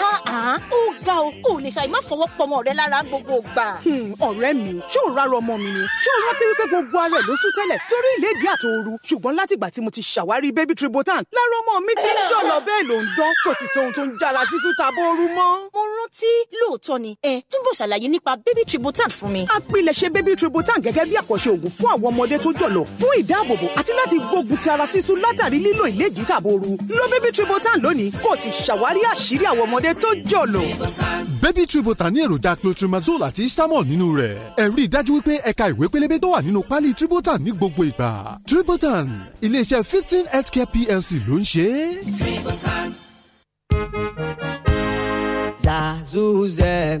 S10: Uh-uh! ga o kò lè ṣàì má fọwọ́
S3: pọmọ rẹ lára gbogbo gbà. Hmm, ọ̀rẹ́ mi ṣé ò rárọ ọmọ mi ni ṣé ò rántí wípé gbogbo ara ẹ̀ ló sún tẹ́lẹ̀ torí ìlédìí àtòoru ṣùgbọ́n látìgbà tí mo ti ṣàwárí baby tributan lára ọmọ mi ti ń jọ̀lọ̀ bẹ́ẹ̀ ló ń dán kò sì sóhun tó ń jára sísún tabóoru mọ́. mo rántí lóòótọ́ ni ẹ
S10: túbọ̀ ṣàlàyé nípa baby tributan fún mi.
S3: apilẹ̀ṣẹ̀ baby tributan gẹ́gẹ́ bí àkọ́ṣe òògùn fún àwọn ọmọdé tó jọ̀lọ̀ fún ìdáàbòbò àti láti gbógun ti ara sísún látàrí lílo ìlédìí tàbóoru lo baby tributan lónìí kò sì ṣàwárí àṣírí àwọn ọmọdé tó jọ̀lọ̀
S14: baby triple ní èròjà clotrimazole àti istamol nínú rẹ̀ ẹ rí i dájú wípé ẹ̀ka ìwé pélébé tó wà nínú pálí Tributan ní gbogbo ìgbà Tributan iléeṣẹ́ fifteen healthcare plc ló ń ṣe é.
S7: Tributan.
S14: zazuzem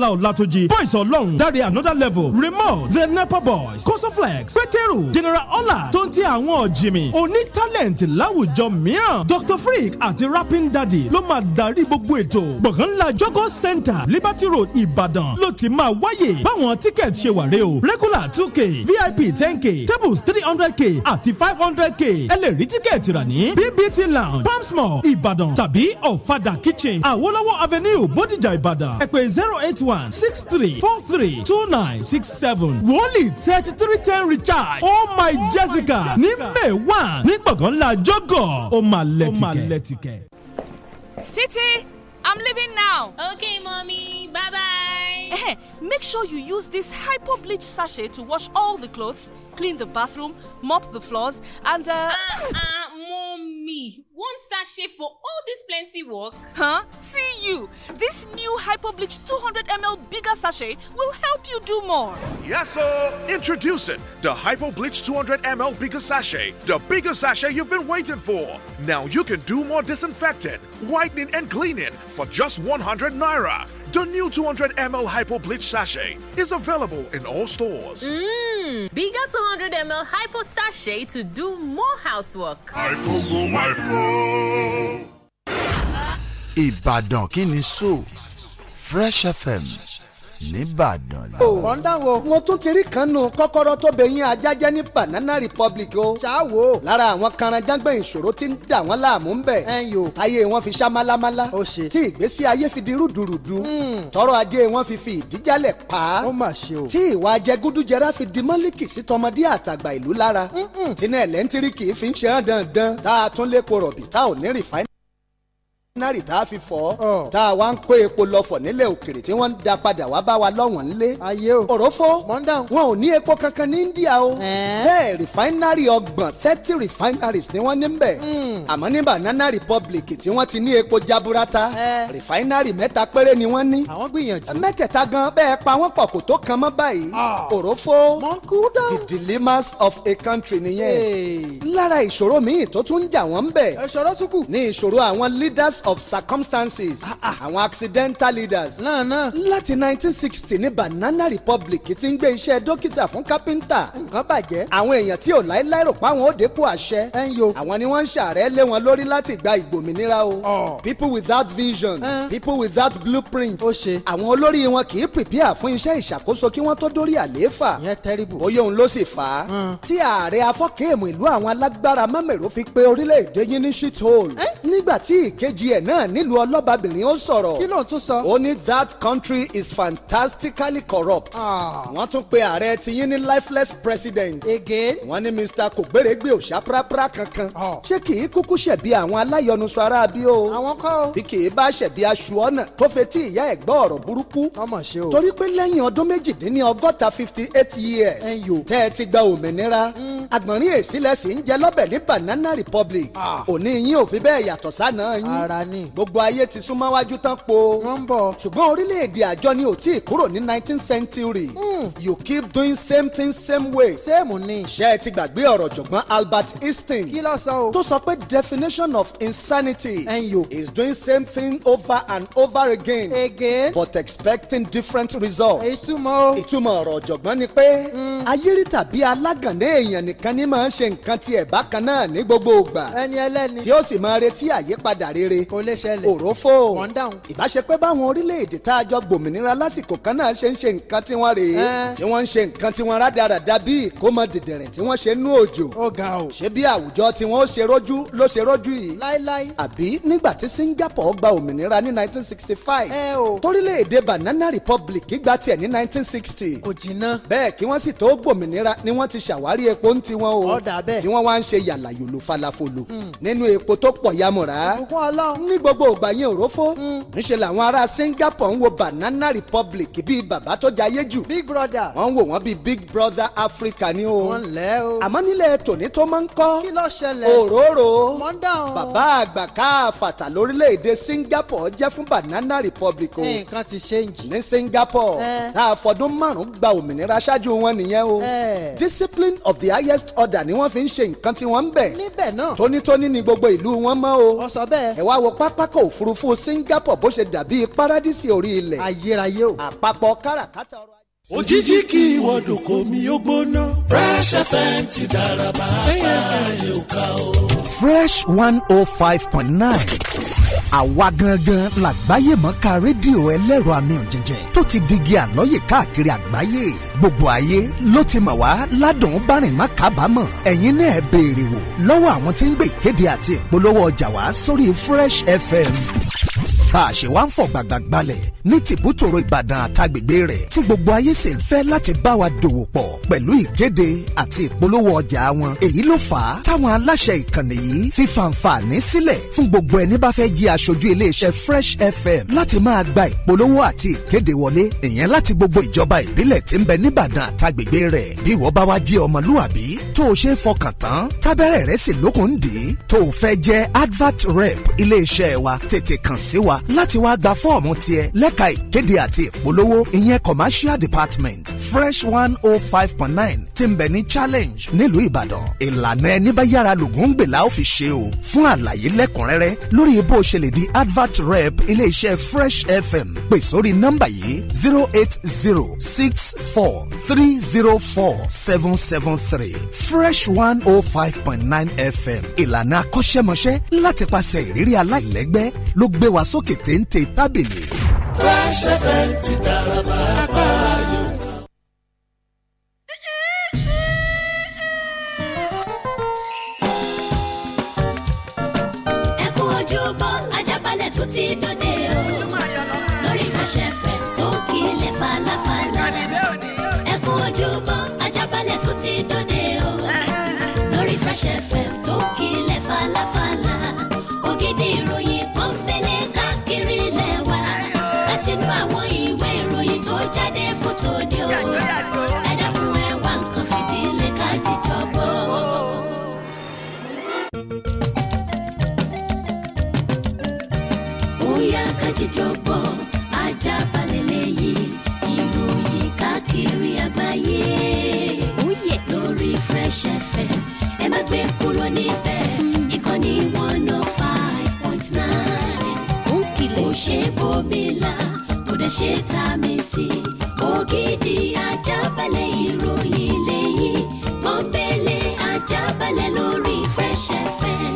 S8: Bọ́lá Ọlátúnjí Boys Ọlọ́run Dáre Another Level Remote The Nepa Boys Kosoflex Pétérù General Ola, tó ń ti àwọn ọ̀jìmì oní talent láwùjọ mìíràn Dr Freak àti Rapping Daddy ló máa darí gbogbo ètò Gbọ̀ngànlá Jogo Center Liberty Road Ìbàdàn ló ti máa wáyè báwọn tíkẹ́ẹ̀tì ṣe wà rè o regular two k VIP ten k tables three hundred k àti five hundred k ẹ lè rí tíkẹ́ẹ̀tì rà ní BBT Lounge Palms Mall Ìbàdàn tàbí Ọ̀fadà Kitchen Àwọlọ́wọ́ Avenue Bódìjà Ìbàdàn ẹ pè zero eight one one six three four three two nine six seven wòlíì thirty three ten recharge. oh my jessica ní may one ní gbọ̀ngàn ńlá jọ́gọ̀ ó máa lẹ́tìkẹ́.
S10: títí i'm leaving now. okay mommy bye bye. Eh, eh, make sure you use this hypo bleach sachet to wash all the clothes clean the bathroom mop the floors and. Uh... Uh-uh, me one sachet for all this plenty work? Huh? See you! This new Hyperbleach 200ml bigger sachet will help you do more.
S15: Yes, sir! Introducing the Hyperbleach 200ml bigger sachet, the bigger sachet you've been waiting for. Now you can do more disinfecting, whitening, and cleaning for just 100 naira. The new 200 ml Hypo Bleach Sachet is available in all stores.
S10: Mmm, bigger 200 ml Hypo Sachet to do more housework. Hypo go
S15: Hypo!
S16: Ibadan Kini Fresh FM
S1: nìbàdàn.
S4: o ọ̀ ń dáwọ̀ mo tún ti rí kan nù kọ́kọ́rọ́ tó bẹ yín ajájẹ́ ní banana republic o. ṣáàwó lára àwọn karanjágbé ìṣòro tí ń dà wọ́n láàmú ń bẹ̀. ẹ yòó táyé wọn fi ṣá málámálá. ó ṣe tí ìgbésí ayé fi di rúdurùdu. Hmm. tọrọ ajé wọn fi fi ìdíjálẹ̀ pa. ó mà ṣe o. tí ìwà ajẹgúdújẹrá fi di mọ́líkì sí tọmọdé àtàgbà ìlú lára. Hmm, hmm. tinú ẹ̀lẹ́ntìrì kì í fi ń ṣe hàn dandan. tá a tún lépo rọ̀bì tá ò ní rìfáìn nari tá a fi fọ tá a wá ń kó epo lọ fọ nílẹ̀ òkèrè tí wọ́n ń da padà wá bá wa lọ́wọ́n nílé òrófó wọn ò ní epo kankan ní India o bẹ́ẹ̀ rìfáínárì ọgbọ̀n thirty refineries ni wọ́n ní bẹ̀ hmm. àmọ́ ní Banana Republic tí wọ́n ti ní epo jaburata rìfáínárì mẹ́ta péré ni wọ́n ní mẹ́tẹ̀ẹ̀ta gan bẹ́ẹ̀ pa wọ́n pọ̀ kò tó kan mọ́ báyìí òrófó the dilemmas of a country nìyẹn of circumstances ah, ah. àwọn accidental leaders. náà náà. láti nineteen sixty ní banana republic ti ń gbé iṣẹ́ dókítà fún kápẹ́ńtà. nǹkan bàjẹ́. àwọn èèyàn tí ò láéláé rò páwọn ó dépò àṣẹ. ẹnyo. àwọn ni wọ́n ń ṣàárẹ̀ lé wọn lórí láti gba ìgbòmìnira o. people without vision. Uh. people without blueprint. ó ṣe. àwọn olórí wọn kì í prepare fún iṣẹ́ ìṣàkóso kí wọ́n tó dórí àlééfà. ìyẹn terrible. bóyá òun ló sì fà á. tí ààrẹ afọ́kèémù ìlú àwọn alágbára mọ́mẹ́rò fi pé orílẹ̀-èdè yín ní shithole. nígbà tí ìkejì ẹ̀ náà nílùú ọlọ́bàbìnrin ó sọ̀rọ̀. kí ló ń tún sọ. ó ní that country is fantastically corrupt. Ah. wọ́n tún pe ààrẹ tiyín ní lifeless president. again. wọ́n ní mr kògbérégbè òṣà pàápàá kankan. Ah. ṣé kì í kúkú ṣẹ̀bi àwọn aláyọnusọ ara bí o. àwọn kọ́ o. bí kì í bá ṣẹ̀bi aṣọ ọ̀nà tó fetí ìyá ẹ̀ gbọ́ ọ̀rọ̀ burúkú. ọmọ ṣe o. torí pé lẹ́yìn ọdún méjìdínlọ́gọ́ta fifty eight years. ẹyọ. tẹ́ ẹ ti gba òmìnira. Mm. àgbọ̀nrín republic. Ah. òní yín ò fi bẹ́ẹ̀ ni. gbogbo ayé ti súnmọ́ wájú tán po. wọ́n ń bọ̀. ṣùgbọ́n orílẹ̀-èdè àjọ ni ò tí kúrò ní nineteenth century. Mm. you keep doing same thing same way. sẹ́ẹ̀mù ni. ṣé ẹ ti gbàgbé ọ̀rọ̀ jọ̀gbọ́n Albert Einstein. kí ló sọ o. tó sọ pé definition of insanity. ẹ̀yọ̀. is doing same thing over and over again. again. but expecting different results. ìtumọ̀ o. ìtumọ̀ ọ̀rọ̀ jọ̀gbọ́n ni pé. Hmm. ayírí tàbí alágànná èèyàn nìkan ni máa ń ṣe nǹkan tiẹ̀ bákan náà ní gbogbo ìgbà. ẹni ẹlẹ́ni. tí ó sì máa retí àyípadà rere kò lè ṣẹlẹ̀ òrófò mọ̀ndàún. ìbáṣepẹ́ báwọn orílẹ̀-èdè tá a jọ gbòmìnira lásìkò kan náà ṣe ń ṣe nǹkan tí wọ́n rèé tí wọ́n ń ṣe nǹkan tí wọ́n rádaràda bí ìkómọ dìdìrìn tí wọ́n ṣe nú òjò. ó ga o. ṣé bí àwùjọ tí wọ́n ó ṣe rójú ló ṣe rójú yìí. láíláí. àbí nígbà tí Singapore gba òmìnira ní 1965. ẹ o. torílẹ̀-èdè Banana Republic gba tiẹ̀ 1960. kò jìnnà. bẹ́ẹ̀ kí wọ́n sì tó gbòmìnira ni wọ́n ti ṣàwárí epo ń tiwọn o. ọ̀dà bẹ́ẹ̀. tí wọ́n ní gbogbo ògbà yẹn òrófó ńṣe hmm. làwọn ará Singapore ń wo Banana Republic bíi bàbá tó jayé jù Big Brother wọ́n ń wò wọ́n bíi Big Brother Africa ni o àmọ́ nílẹ̀ tòní tó máa ń kọ́ òróró bàbá àgbà káfàtà lórílẹ̀‐èdè Singapore jẹ́ fún Banana Republic o nǹkan ti ṣéǹjì ní Singapore eh. tá a fọdún márùn-ún gba òmìnira ṣáájú wọn nìyẹn o eh. discipline of the highest order ni wọ́n fi ń ṣe nǹkan tí wọ́n ń bẹ̀ tónítóní ni gbogbo ìlú wọn mọ́ o ẹ wá wo wo pápákọ̀ òfurufú Singapore bó ṣe dàbí paradísì orí ilẹ̀ ayérayé o àpapọ̀ káràkátà ọrọ̀
S8: òjijì kí ìwọ́dùn kò mí ó gbóná. Fresh FM ti dára bàbá àyùká o.
S4: Fresh one oh five point nine àwa gangan làgbáyé mọ́ka rédíò ẹlẹ́rọ àmì òjìnjẹ́ tó ti digi àlọ́yè káàkiri àgbáyé gbogbo ayé ló ti mọ̀ wá ládùn bárìn má kábàámọ̀ ẹ̀yin náà ẹ béèrè wò lọ́wọ́ àwọn tí ń gbé ìkéde àti ìpolówó ọjà wá sórí Fresh FM àṣẹ wa ń fọ̀ gbàgbàgbalẹ̀ ní tìbútòrò ìbàdàn àtàgbègbè rẹ̀ tí gbogbo ayé sì ń fẹ́ láti bá wa dòwò pọ̀ pẹ̀lú ìkéde àti ìpolówó ọjà wọn èyí ló fà á táwọn aláṣẹ ìkànnì yìí fi fàǹfààní sílẹ̀ fún gbogbo ẹni bá fẹ́ jí aṣojú iléeṣẹ́ fresh fm láti máa gba ìpolówó àti ìkéde wọlé ìyẹn láti gbogbo ìjọba ìbílẹ̀ tí ń bẹ níbàdàn àtàgbègbè rẹ̀ bí wọ́n bá wá jí ọmọlúwàbí tó o ṣe é fọkàn tán tábẹ́rẹ́ rẹ̀ sì lókun dì í tó o fẹ́ jẹ́ advert rep iléeṣẹ́ wa tètè kàn sí wa wa láti wá gba fọ́ọ̀mù tiẹ̀ lẹ́ka ìkéde àti ìpolówó ìyẹn commercial department fresh one oh five point nine tí ń bẹ ní challenge nílùú ìbàdàn ìlànà ẹni bá yára lògùn gbèlà ó fi ṣe o fún àlàyé lẹ́kùnrẹ́rẹ́ lórí bó o ṣe lè di advert rep iléeṣẹ́ fresh fm pè sórí nọ́mbà yìí zero eight zero six four three zero four seven seven three fresh one oh five point nine fm ìlànà akọ́ṣẹ́mọṣẹ́ láti pàṣẹ ìrírí aláìlẹ́gbẹ́ ló gbé wa sókè kètéńté tábìlì. Fresh
S9: FM ti dára pàápàá yòó.
S7: ẹ kú ojúbọ Ajaabale tó ti dòde o lórí Fresh FM tó kílẹ̀ falafala ẹ kú ojúbọ Ajaabale tó ti dòde o lórí Fresh FM tó kílẹ̀ falafala. bóyá kájíjọ́bọ̀ ajá balẹ̀ lẹ́yìn ìròyìn káàkiri àgbáyé. Ó oh, yẹ lórí Fresh FM ẹ má gbé kúrò níbẹ̀ ìkànnì one oh five point nine. Ó kìlẹ̀ kò ṣe bómi la kò dẹ̀ ṣe tá a mi sí. Ògidì ajá balẹ̀ ìròyìn lẹ́yìn pọ́npẹ́lẹ́ ajá balẹ̀ lórí Fresh FM.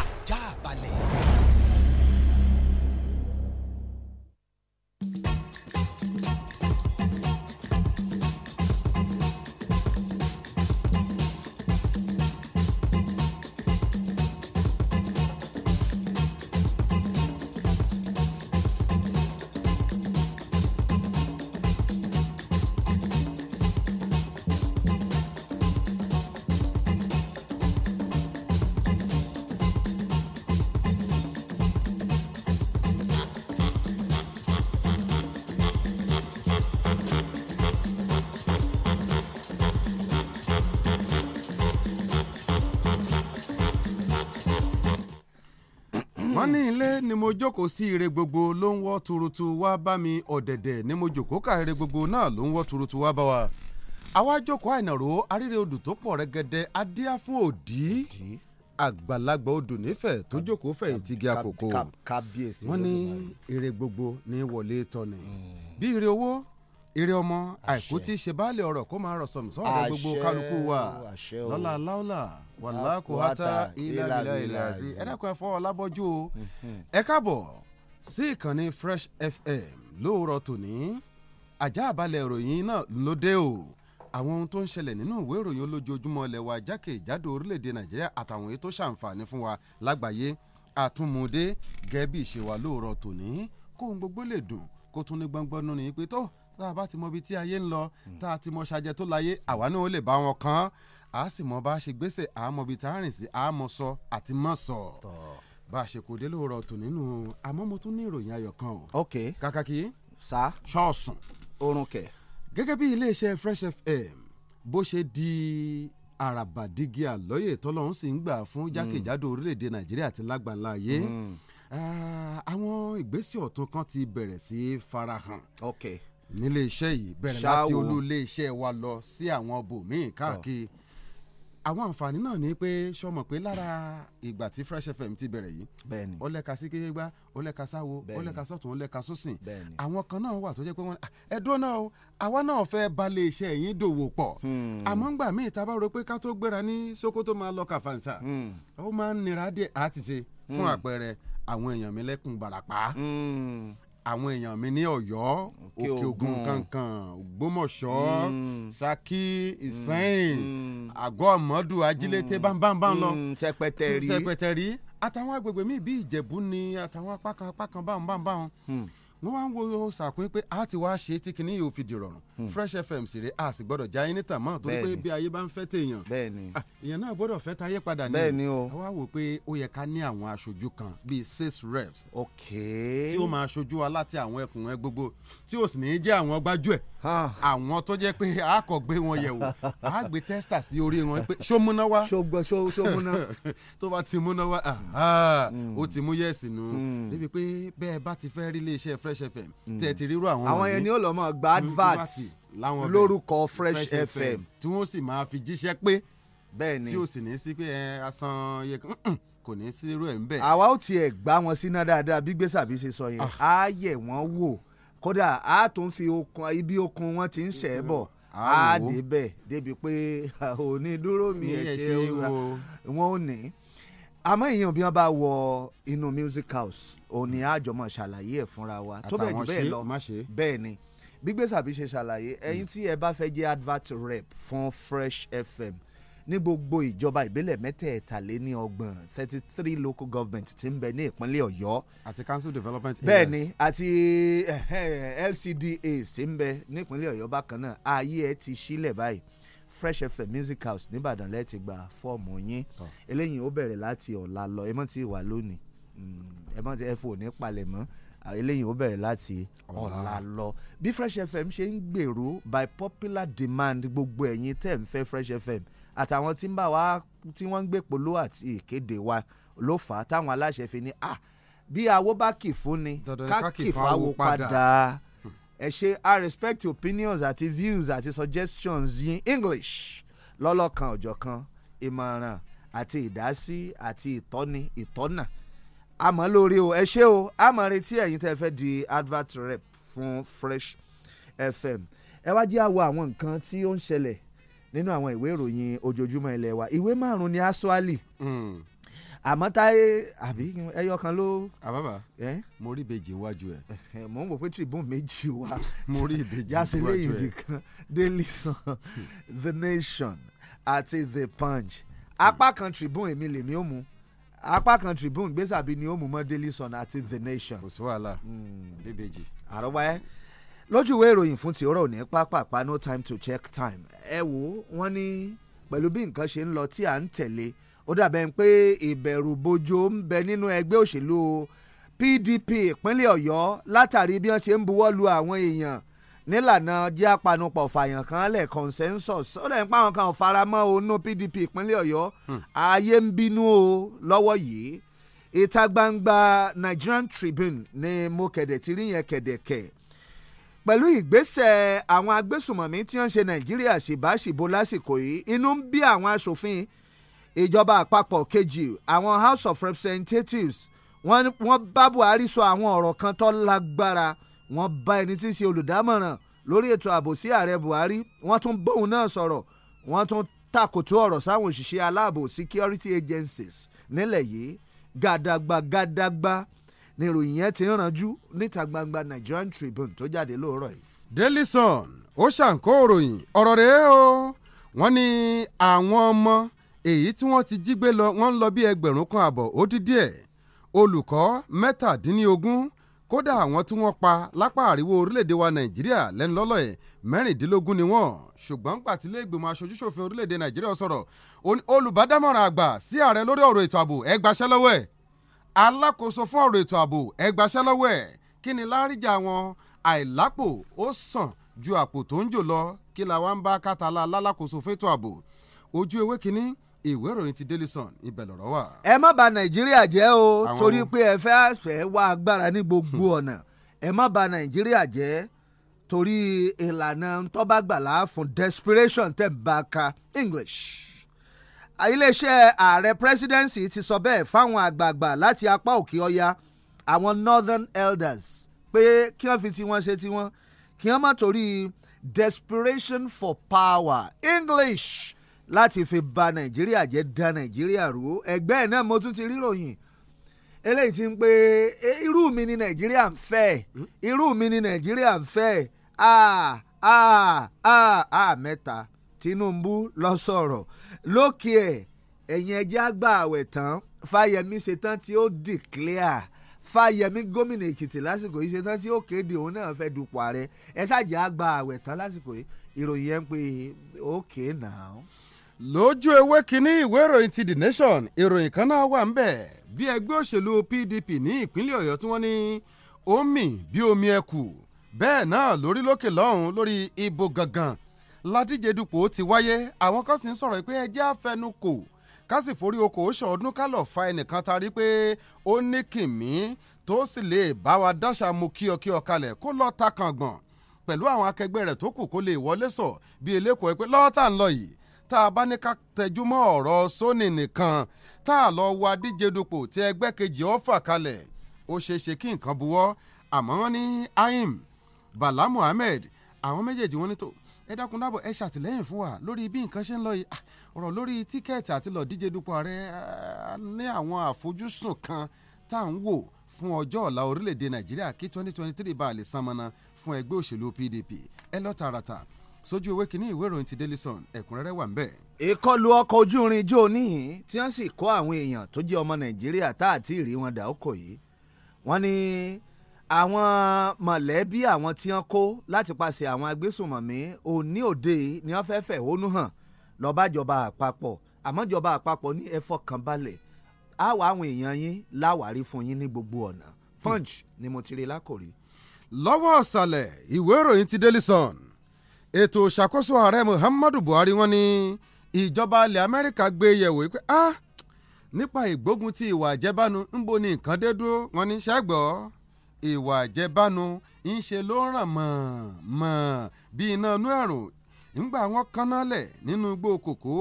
S16: jókòó sí ire gbogbo ló ń wọ́ turutu wá bá mi ọ̀dẹ̀dẹ̀ ni mo jókòó ká ire gbogbo náà ló ń wọ́ turutu wá bá wa àwa jókòó àìnàró arére odò tó pọ̀ rẹ́gẹ́dẹ́ adíá fún òdì àgbàlagbà odò nífẹ̀ẹ́ tó jókòó àkókò wọ́n gbogbo ní wọlé tọ́ni mm. bí eré ọmọ àìkú tí í ṣe baálé ọ̀rọ̀ kó máa rọ̀ sọ̀mùsọ̀ ọ̀rọ̀ gbogbo kálukú wa lọ́la láúlà wàlá kò hátà ìlà ìlà ìlà àti ẹ̀dẹ́kun ẹ̀fọ́ ọlábọ́jú o mhm. ẹ káàbọ̀ sí ìkànnì Fresh FM lóòrọ̀ tòní ajá àbálẹ̀ ìròyìn náà ló dé o àwọn ohun tó ń ṣẹlẹ̀ nínú ìwé ìròyìn olójoojúmọ́ ilẹ̀ wa jákèjádò orílẹ̀-èdè Nàìjíríà àtàwọn èyí tó ṣàǹfààní fún wa lágbàáyé àtúnmọ̀dé gẹ́bí ìṣèwà lóòrọ̀ tòní kóhun gbogbo lè dùn kó tún ní gbọ́ngbọ́n nínú yín pé tó tá a bá ti mọ ibi tí ayé ń lọ hmm. tá a ti mọ ṣàjẹ tó láyé àwa náà ó lè bá wọn kàn án a sì mọ bá a ṣe gbèsè a mọ ibi tá a rìn sí a mọ sọ àti mọ sọ bá a ṣe kò dé lóòrọ̀ tò nínú àmọ́ mo tún ní ìròyìn ayọ̀ kan o. ok kàkàkì. sa ṣọ́ọ̀sùn. oorun kẹ. gẹ́gẹ́ bí iléeṣẹ́ Fresh FM bó ṣe di àràbàdìgì àlọ́yè tọ́lọ́hún sì ń gbà fún hmm. jákèjádò orílẹ̀-èdè nàìjíríà àti lágbàlá ayé hmm. ah, àwọn ìgbésẹ̀ ọ̀tun kan ti bẹ̀rẹ̀ sí farahàn. okay nílé iṣẹ́ yìí bẹ̀rẹ̀ láti olú ilé iṣẹ́ wa lọ sí àwọn bòmíì káàkiri àwọn àǹfààní náà ni pé sọmọ pé lára ìgbà tí Fresh FM ti bẹ̀rẹ̀ yìí bẹ́ẹ̀ni ó lẹ́ka sí kérégbá ó lẹ́ka sáwo ó lẹ́ka sọ̀tún ó lẹ́ka sósìn bẹ́ẹ̀ni àwọn kan náà wà tó jẹ́ pé wọ́n ẹ dúró náà o àwa náà fẹ́ balẹ̀ iṣẹ́ yín dòwò pọ̀ hmm. àmọ́ ngbà míì tá bá rò pé ká tó gbéra ní Sokoto máa lọ kàfàǹsà hmm. ó máa ń nira díẹ̀ àti ṣe fún hmm. àpẹẹrẹ àwọn èèyàn mi lẹ́kùn Ìbàràpá àwọn èèyàn mi ní Ọ̀yọ́ òkè Ògùn kankan Ògbómọ̀ṣọ́ mm. Ṣakí mm. Ìsẹ́yìn mm. àgọ́ ọmọdù ajílété bámbámbá lọ Ṣẹ̀pẹ̀tẹ̀rí Ṣẹ̀pẹ̀tẹ̀rí àtàwọn agbègbè míì bíi Ìjẹ̀bú ni àtàwọn apákan apákan báwọn báwọn hmm. wọ́n wá ń wo sàkún pé a ti wá ṣe tí kinní yóò fi dìrọ̀rùn fresh fm sì rè a sì gbọ́dọ̀ já yín níta mọ́ torí pé bí ayé bá ń fẹ́ tèèyàn ah, èèyàn náà gbọ́dọ̀ fẹ́ tayé padà ní bẹ́ẹ̀ni o àwa wò pé ó yẹ ká ní àwọn aṣojú kan bíi six reps ok tí ó máa aṣojú wa láti àwọn ẹkùn ẹ gbogbo tí ó sì ní í jẹ́ àwọn gbájúẹ̀ àwọn tó jẹ́ pé a kò gbé wọn yẹ̀ wò a gbé tẹ́sítà sí orí wọn pé ṣó múná wá ṣó múná (laughs) tó bá ti múná wá ah, hmm. ó ti mú yẹ̀sì nù hmm. débi pé bẹ́ẹ̀ bá ti fẹ́ rí iléeṣẹ́ fresh fm
S9: hmm. tẹ̀ ti rírú àwọn ọ̀hún àwọn yẹn ni ó lọ mọ̀ gbadvat lórúkọ fresh fm
S16: tí wọ́n sì máa fi jíṣẹ́ pé bẹ́ẹ̀ni tí o sì ní sí pé ẹ asan yẹ
S4: kò ní sí irú ẹ̀ ń bẹ̀. àwa ó tiẹ̀ gbá wọn síná dáadáa bí gbèsàbí ṣe sọ yẹn á ah. yẹ̀ wọ́n wò kódà á tún fi okun ibi okun wọn ti ń ṣẹ̀ ẹ́ bọ̀ á débẹ̀ débi pé òní dúró mi ẹ̀ ṣe wọn ò ní. àmọ́ èèyàn bí wọ́n bá wọ inú music house òní àjọmọ̀ ṣàlàyé ẹ̀ fúnra wa tó bẹ́ẹ̀ jù bẹ́ẹ̀ lọ bẹ́ẹ̀ ni gbígbésàbí ṣe ṣàlàyé hmm. ẹ̀yin tí ẹ bá fẹ́ jẹ́ advert rep fún Fresh FM ní gbogbo ìjọba ìbílẹ̀ mẹ́tẹ̀ẹ̀taléníọgbọ̀n thirty three local government ti ń bẹ ní ìpínlẹ̀ ọ̀yọ́. àti council development areas. bẹ́ẹ̀ni àti LCDA, ti ń bẹ nípínlẹ̀ ọ̀yọ́ bákan náà ààyè ẹ ti sílẹ̀ báyìí fresh fm music house nìbàdàn lẹ́ẹ̀tì gba fọ́ọ̀mù yín eléyìí ó bẹ̀rẹ̀ láti ọ̀la lọ ẹ mọ̀ tí ì wà lónìí hmm, ẹ mọ̀ tí ẹ fò ní palẹ̀ mọ́ eléyìí ó bẹ̀rẹ̀ láti ọ̀la lọ bí Fresh FM ṣe ń gbèrú by popular demand gbogbo ẹ̀yin tẹ̀ ń fẹ́ Fresh FM àtàwọn tí ń bá wa tí wọ́n ń gbé polówó àti ìkéde wa ló fà á táwọn aláṣẹ fi ní ah bí awo bá kì fún ni ká kì fáwo padà ẹ ṣe I respect opinions àti views àti suggestions yín English lọ́lọ́kan ọ̀jọ̀kan ìmọ̀ràn àti ìdásí àti ìtọ́ni ìtọ́nà àmọ́ lórí o ẹ ṣé o àmọ́ retí ẹ̀yin tẹ́ fẹ́ di advert rep fún Fresh FM ẹ wá jẹ́ àwọ àwọn nǹkan tí ó ń ṣẹlẹ̀ nínú àwọn ìwé ìròyìn ojoojúmọ́ ilé wa ìwé márùn-ún ni aswali hmm. àmọ́ táyé àbí ẹyọ kan ló. àbábà mo rí ìbejì iwájú ẹ. mo ń wò pé tribune méjì wá. mo rí ìbejì iwájú ẹ. yasile yìí kan Daily Sun hmm. The Nation àti The Punch apá kan tribune èmi lèmi ò mú apá kan Tribune gbèsàbí ni ó mú mọ́ Daily Sun àti The Nation. kò sí wàhálà hmm. bíbèjì. àrọ́bá ẹ lójú ìwé ìròyìn fún tìrọ̀ òní pápápá no time to check time ẹ wo wọ́n ní pẹ̀lú bí nǹkan ṣe ń lọ tí à ń tẹ̀lé ó dàbẹ̀ pé ìbẹ̀rù bojo ń bẹ nínú ẹgbẹ́ òṣèlú PDP ìpínlẹ̀ Ọ̀yọ́ látàrí bí wọ́n ṣe ń buwọ́ lu àwọn èèyàn nílànà jẹ́ apanupọ̀ fàyàn kan lẹ̀ consensus ó dẹ̀ ń pa àwọn kan faramọ́ onú PDP ìpínlẹ̀ Ọ̀yọ́ ààyè hmm. ń bínú o lọ́wọ́ yìí ìta gbangba Nigerian Tribune ni mo kẹ̀dẹ̀ ti rí yẹn kẹ̀dẹ̀kẹ̀ pẹ̀lú ìgbésẹ̀ àwọn agbésùmọ̀mí tí wọ́n ń ṣe Nàìjíríà ṣèbáṣìbò lásìkò yìí inú ń bí àwọn aṣòfin ìjọba àpapọ̀ kejì àwọn House of Representatives wọ́n bá Buhari sọ àwọn ọ̀rọ̀ kan tó lágbára wọ́n bá ẹni tí ń ṣe olùdámọ̀ràn lórí ètò ààbò sí ààrẹ Buhari wọ́n tún bóun náà sọ̀rọ̀ wọ́n tún takòtó ọ̀rọ̀ sáwọn òṣìṣẹ́ aláàbò security agencies nílẹ̀ yìí gàdàgbà gàdàgbà ni ìròyìn yẹn ti ń ranjú níta gbangba Nigerian Tribune tó jáde lóòrọ̀ yìí. Daily Sun ó ṣàǹkó òròyìn ọ̀rọ̀ rèé
S16: o wọ́n ní àwọn ọmọ èyí tí wọ́n ti jí gbé lọ wọ́n ń lọ bí ẹgbẹ̀rún kan àbọ̀ ó dín díẹ̀ olùkọ́ mẹ́tàdínlógún kódà àwọn tí wọ́n pa lápá àríwó orílẹ̀-èdè wa nàìjíríà lẹ́nu lọ́lọ́ ẹ̀ mẹ́rìndínlógún ni wọ́n ṣùgbọ́n gbà tí iléègbèmọ̀ aṣojúṣòfin orílẹ̀-èdè nàìjíríà sọ̀rọ̀ olùbádámọ̀ràn àgbà sí ààrẹ lórí ọ̀rọ̀ ètò ààbò ẹ gbaṣẹ́ lọ́wọ́ ẹ̀ alákòóso fún ọ̀rọ̀ ètò ààbò ẹ gbaṣẹ́ lọ́wọ́ ẹ̀ kí ni láríjà wọn àìlápò ó sàn ju àpò tó ń jò lọ kí la wá ń bá kátàlá alákòóso fún ètò ààbò ojú ewé kínní ìwé ìròyìn ti Daily Sun ibẹ̀ lọ̀rọ̀ wà. ẹ
S4: má bà nàìjíríà jẹ́ o torí pé ẹ fẹ́ àṣẹ wá agbára ní gbogbo hmm. ọ̀nà ẹ má bà nàìjíríà jẹ́ torí ìlànà tọ́bàgbàlá fún desperation tẹ̀ bá ka English. iléeṣẹ́ ààrẹ presidency ti sọ bẹ́ẹ̀ fáwọn àgbààgbà láti apá òkè ọya àwọn northern elders pé kí wọ́n fi tiwọn ṣe tiwọn kí wọ́n má torí desperation for power English láti fi ba nàìjíríà jẹ́ da nàìjíríà rú ẹgbẹ́ ẹ̀ náà mo tún ti ríròyìn eléyìí ti ń pé e, irú mi ni nàìjíríà ń fẹ́ hmm? irú mi ni nàìjíríà ń fẹ́ ah ah ah ah mẹ́ta Tinubu lọ sọ̀rọ̀ lókè ẹ̀ ẹ̀yìn ẹjẹ́ àgbà àwẹ̀ tán Fáyẹmí ṣetán tí ó declare Fáyẹmí gómìnà Èkìtì lásìkò yìí ṣetán tí ó kéde òun náà fẹ́ dupò ààrẹ ẹ ṣáàjì àgbà àwẹ̀ tán lásìkò yìí ìròyìn ẹ̀ ń pè é náà
S16: lójú ewé kínní ìwé ìròyìn ti the nation ìròyìn kan náà wà ń bẹ̀ bí ẹgbẹ́ òṣèlú pdp ní ìpínlẹ̀ ọ̀yọ́ tí wọ́n ní omi bí omi ẹkù bẹ́ẹ̀ náà lórí lókè lọ́hùn lórí ibo gangan ládíje dupò ti wáyé àwọn kan sì ń sọ̀rọ̀ pé ẹjẹ́ àfẹnukò ká forí oko ṣọ̀ọ́dún ká lọ́ọ́ fa ẹnìkan ta rí pé ó ní kìmí tó sì lè bá wa dáṣà mu kíọkíọ kalẹ̀ kó lọ́ọ́ ta kàngbọ̀n pẹ̀lú àwọn akẹgbẹ́ rẹ̀ tó kù kó lè wọlé sọ bí eléko ẹ pé lọ́ọ́ tà ń lọ yìí tá a bá ní ká tẹjú mọ́ ọ̀rọ̀ sóní nìkan tá a lọ wá díje dupò tí ẹgbẹ́ kejì ó fà kalẹ̀ ó ṣeé ṣe kí nǹkan buwọ́ àmọ́ wọ́n ní aim Bala Muhammed àwọn méjèèjì wọn ní tó ẹ dákun dábọ̀ ẹ ṣàtìlẹ́yìn fún wa lórí bí nǹkan ṣe ń lọ yìí ah, ọ̀rọ̀ lórí tíkẹ́ẹ̀tì àti lọ díje dupò ààrẹ ní àwọn àfojúsùn kan tá à ń wò fún ọjọ́ ọ̀la orílẹ̀ Nàìjíríà kí 2023 bá a lè sanmọ́nà fún ẹgbẹ́ òṣèlú PDP ẹ lọ tààràtà sójú ewé kínní ìwé ìròyìn ti Daily
S4: Sun ẹ̀kúnrẹ́rẹ́ wà ń bẹ̀. ìkọlù ọkọ̀ ojú irin jó níhìn tí wọ́n sì kó àwọn èèyàn tó jẹ́ ọmọ Nàìjíríà tá àti ìrí wọn dà ọkọ̀ yìí wọ́n ní àwọn mọ̀lẹ́bí àwọn tí wọ́n kó láti paṣẹ àwọn agbésùnmọ̀mí òní òde ni wọ́n fẹ́ẹ́ fẹ̀hónú hàn lọ́bàjọba àpapọ̀ àmọ́jọba àpapọ̀ ní ẹ fọkàn balẹ̀ àwa àwọn èèyàn yín láwàárí fún yín ní gbogbo ọ̀nà punch ni mo ti rí lákòrí. lọ́wọ́ ọ̀sàlẹ̀ ìwé ìròyìn ti Daily Sun ètò ìṣàkóso ààrẹ Muhammadu
S16: Buhari wọ́n ní ìjọba ilẹ̀ Amẹ́ríkà gbé yẹ̀wò pé ah nípa ìgbógun ti ìwà àjẹbánu ńbo ni nǹkan dé dúró wọ́n ní ṣẹ́gbọ́ ìwà àjẹbánu ń ṣe ló ń ràn mọ̀ mọ̀ bí iná inú ẹ̀rùn ńgbà wọn kánálẹ̀ nínú igbó kòkó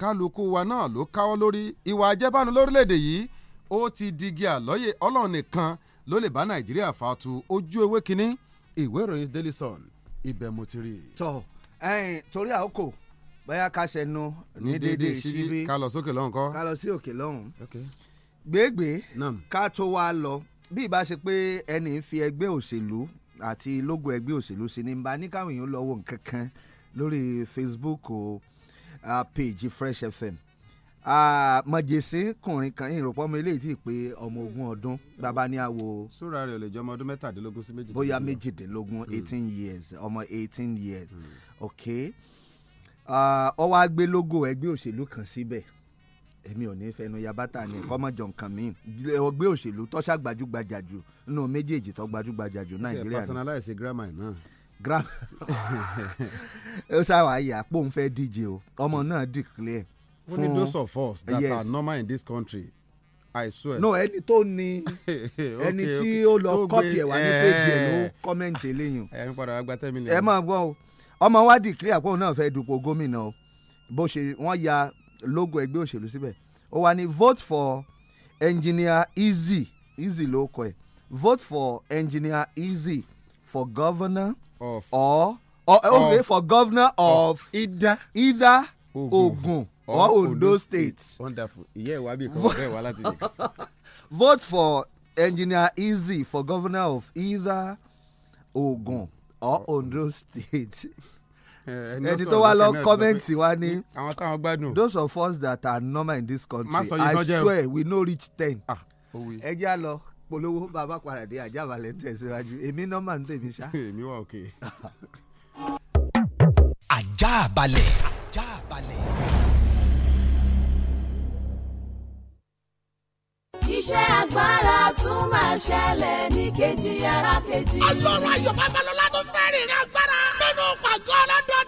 S16: kálukú wa náà ló káwọ́ lórí ìwà àjẹbánu lórílẹ̀‐èdè yìí ó ti digi àlọ́yè ọlọ́run nìkan ló lè bá nàìjíríà fàtú ojú ewé kínní ìwé ìròyìn Daily Sun ibẹ̀ mo ti rí i. tọ ẹyin torí àókò
S4: bóyá ká ṣẹnu ní dédé síbí ká lọ sókè lọ́hùn kọ́ ká lọ sí òkè lọ́hùn gbégbé ká tó wá lọ bí ìbá ṣe pé ẹnì fi ẹgbẹ́ òṣèlú àti lógo ẹgbẹ́ òṣèlú sí ni bá ní káwọn èèyàn lọ wo lórí Facebook o page Fresh FM mọ̀jẹ̀sín kùnrin kan ìrọ̀pọ̀ ọmọ eléyìí ti pé ọmọ hmm. ogún ọdún bàbá ní àwo. sóra rẹ̀ ò lè jẹ́ ọmọ ọdún mẹ́tàdínlógún sí méjìdínlógún. bóyá méjìdínlógún eighteen years ọmọ eighteen years hmm. ok ó wá gbé logo ẹgbẹ́ òṣèlú kan síbẹ̀ èmi ò ní fẹnu yabata ni kọ́mọ̀jọ nǹkan mi ẹgbẹ́ òṣèlú tọ́ṣà gbajúgbajà jù nínú méjèèjì tó gbajúgbajà jù nàìjíríà ni.
S16: personalize grammar náà grammar
S4: (laughs) ó sáwà yà pé òun
S16: fẹ́ díje o ọmọ náà declare fún only those of us that yes. are normal in this country I swear. no ẹni
S4: tó ní (laughs) ẹni tí ó lọ kọ́pì ẹ̀ wá ní eh, péjì ẹ̀ ló kọ́mẹ́ǹtì eh. eléyìí. (laughs) ẹ ń padà wá gba ten million. ẹ máa gbọ́ o ọmọ wa dìklẹ́ àpò náà fẹ́ dupò gómìnà o bó ṣe wọ́n ya logo ẹgbẹ́ òṣèlú síbẹ̀ ó wà ní vote for engineer Eazi Eazi ló kọ ẹ̀ vote for engineer Eazi for governor of or or okay, for governor of, of either either Ogun. Ogun or Ondo State. Wonderful. Ìyá ìwà bíi kan ọ̀rẹ́ ìwà láti jẹ. (laughs) Vote for Engineer Easy for governor of either Ogun or Ondo State. Eh, (laughs) ẹni tó wá lọ kọ́mẹ́ǹtì wa ní. those of us that are normal in this country I swear we no reach ten. Ah, ẹ jẹ́ à lọ polówó bàbá paradé ajá balẹ̀ tẹ̀síwájú èmi normal ń tèmi ṣá. (laughs) èmi wà òkè. ajá balẹ̀
S7: ajá balẹ̀.
S5: iṣẹ́ agbára tún máa ṣẹlẹ̀ ní kejì ara kejì. ọlọ́run ayọ̀ babalọ́lá tó fẹ́ rìnrìn agbára nínú pàgọ́ ọlọ́dọ̀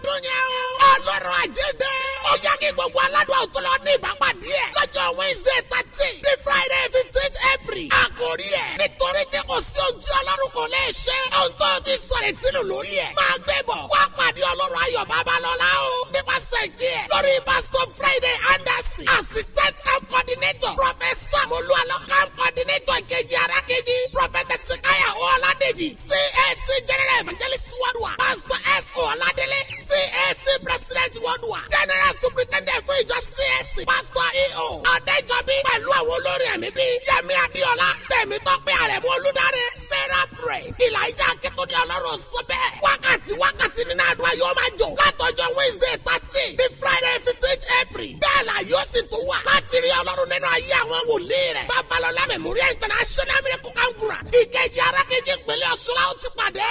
S5: kí gbogbo aládùn ọ̀tún lọ ní ìbámadí ẹ̀. lọ́jọ́ wednesday thirteen ní friday fifteen april. àkòrí ẹ̀ nítorí tí kò sí ojú ọlọ́run kò lè ṣe. ohun tó ti sọ̀rọ̀ ìtìlù lórí ẹ̀. máa gbé bọ̀ wá pàdé ọlọ́run ayọ̀ babalọ́lá o. nípasẹ̀ ìgbé ẹ̀ lórí pastor friday anderson assistant camp coordinator professor moluala camp coordinator kejì arákejì prophet sikaya ọ̀làdèjì csc general evangelist wadua pastor s ọ̀làdélé csc president wadua general superintendent. Sunday fún ìjọ CAC pásítọ̀ EO Ọ̀dẹ́jọbí pẹ̀lú àwọn olórí ẹ̀mí bíi Yẹmi Adéọlá Tẹ̀mí Tọ́pẹ́ Àrẹ̀mú Olúdarí Sarah Praise Ìlàjà Akíntúndé Ọlọ́run Sọ́bẹ̀ wákàtí wákàtí nínú àdúrà yóò máa jò látọjọ́ Wednesday thirteen ní Friday fifteenth April bẹ́ẹ̀ la yóò sì tún wà láti rí Ọlọ́run nínú ayé àwọn wòlíì rẹ̀ Babalọlá Memorial International Miracle Congress ìkejì arákejì ìpínlẹ̀ Ọ̀ṣun la ó ti pàdé.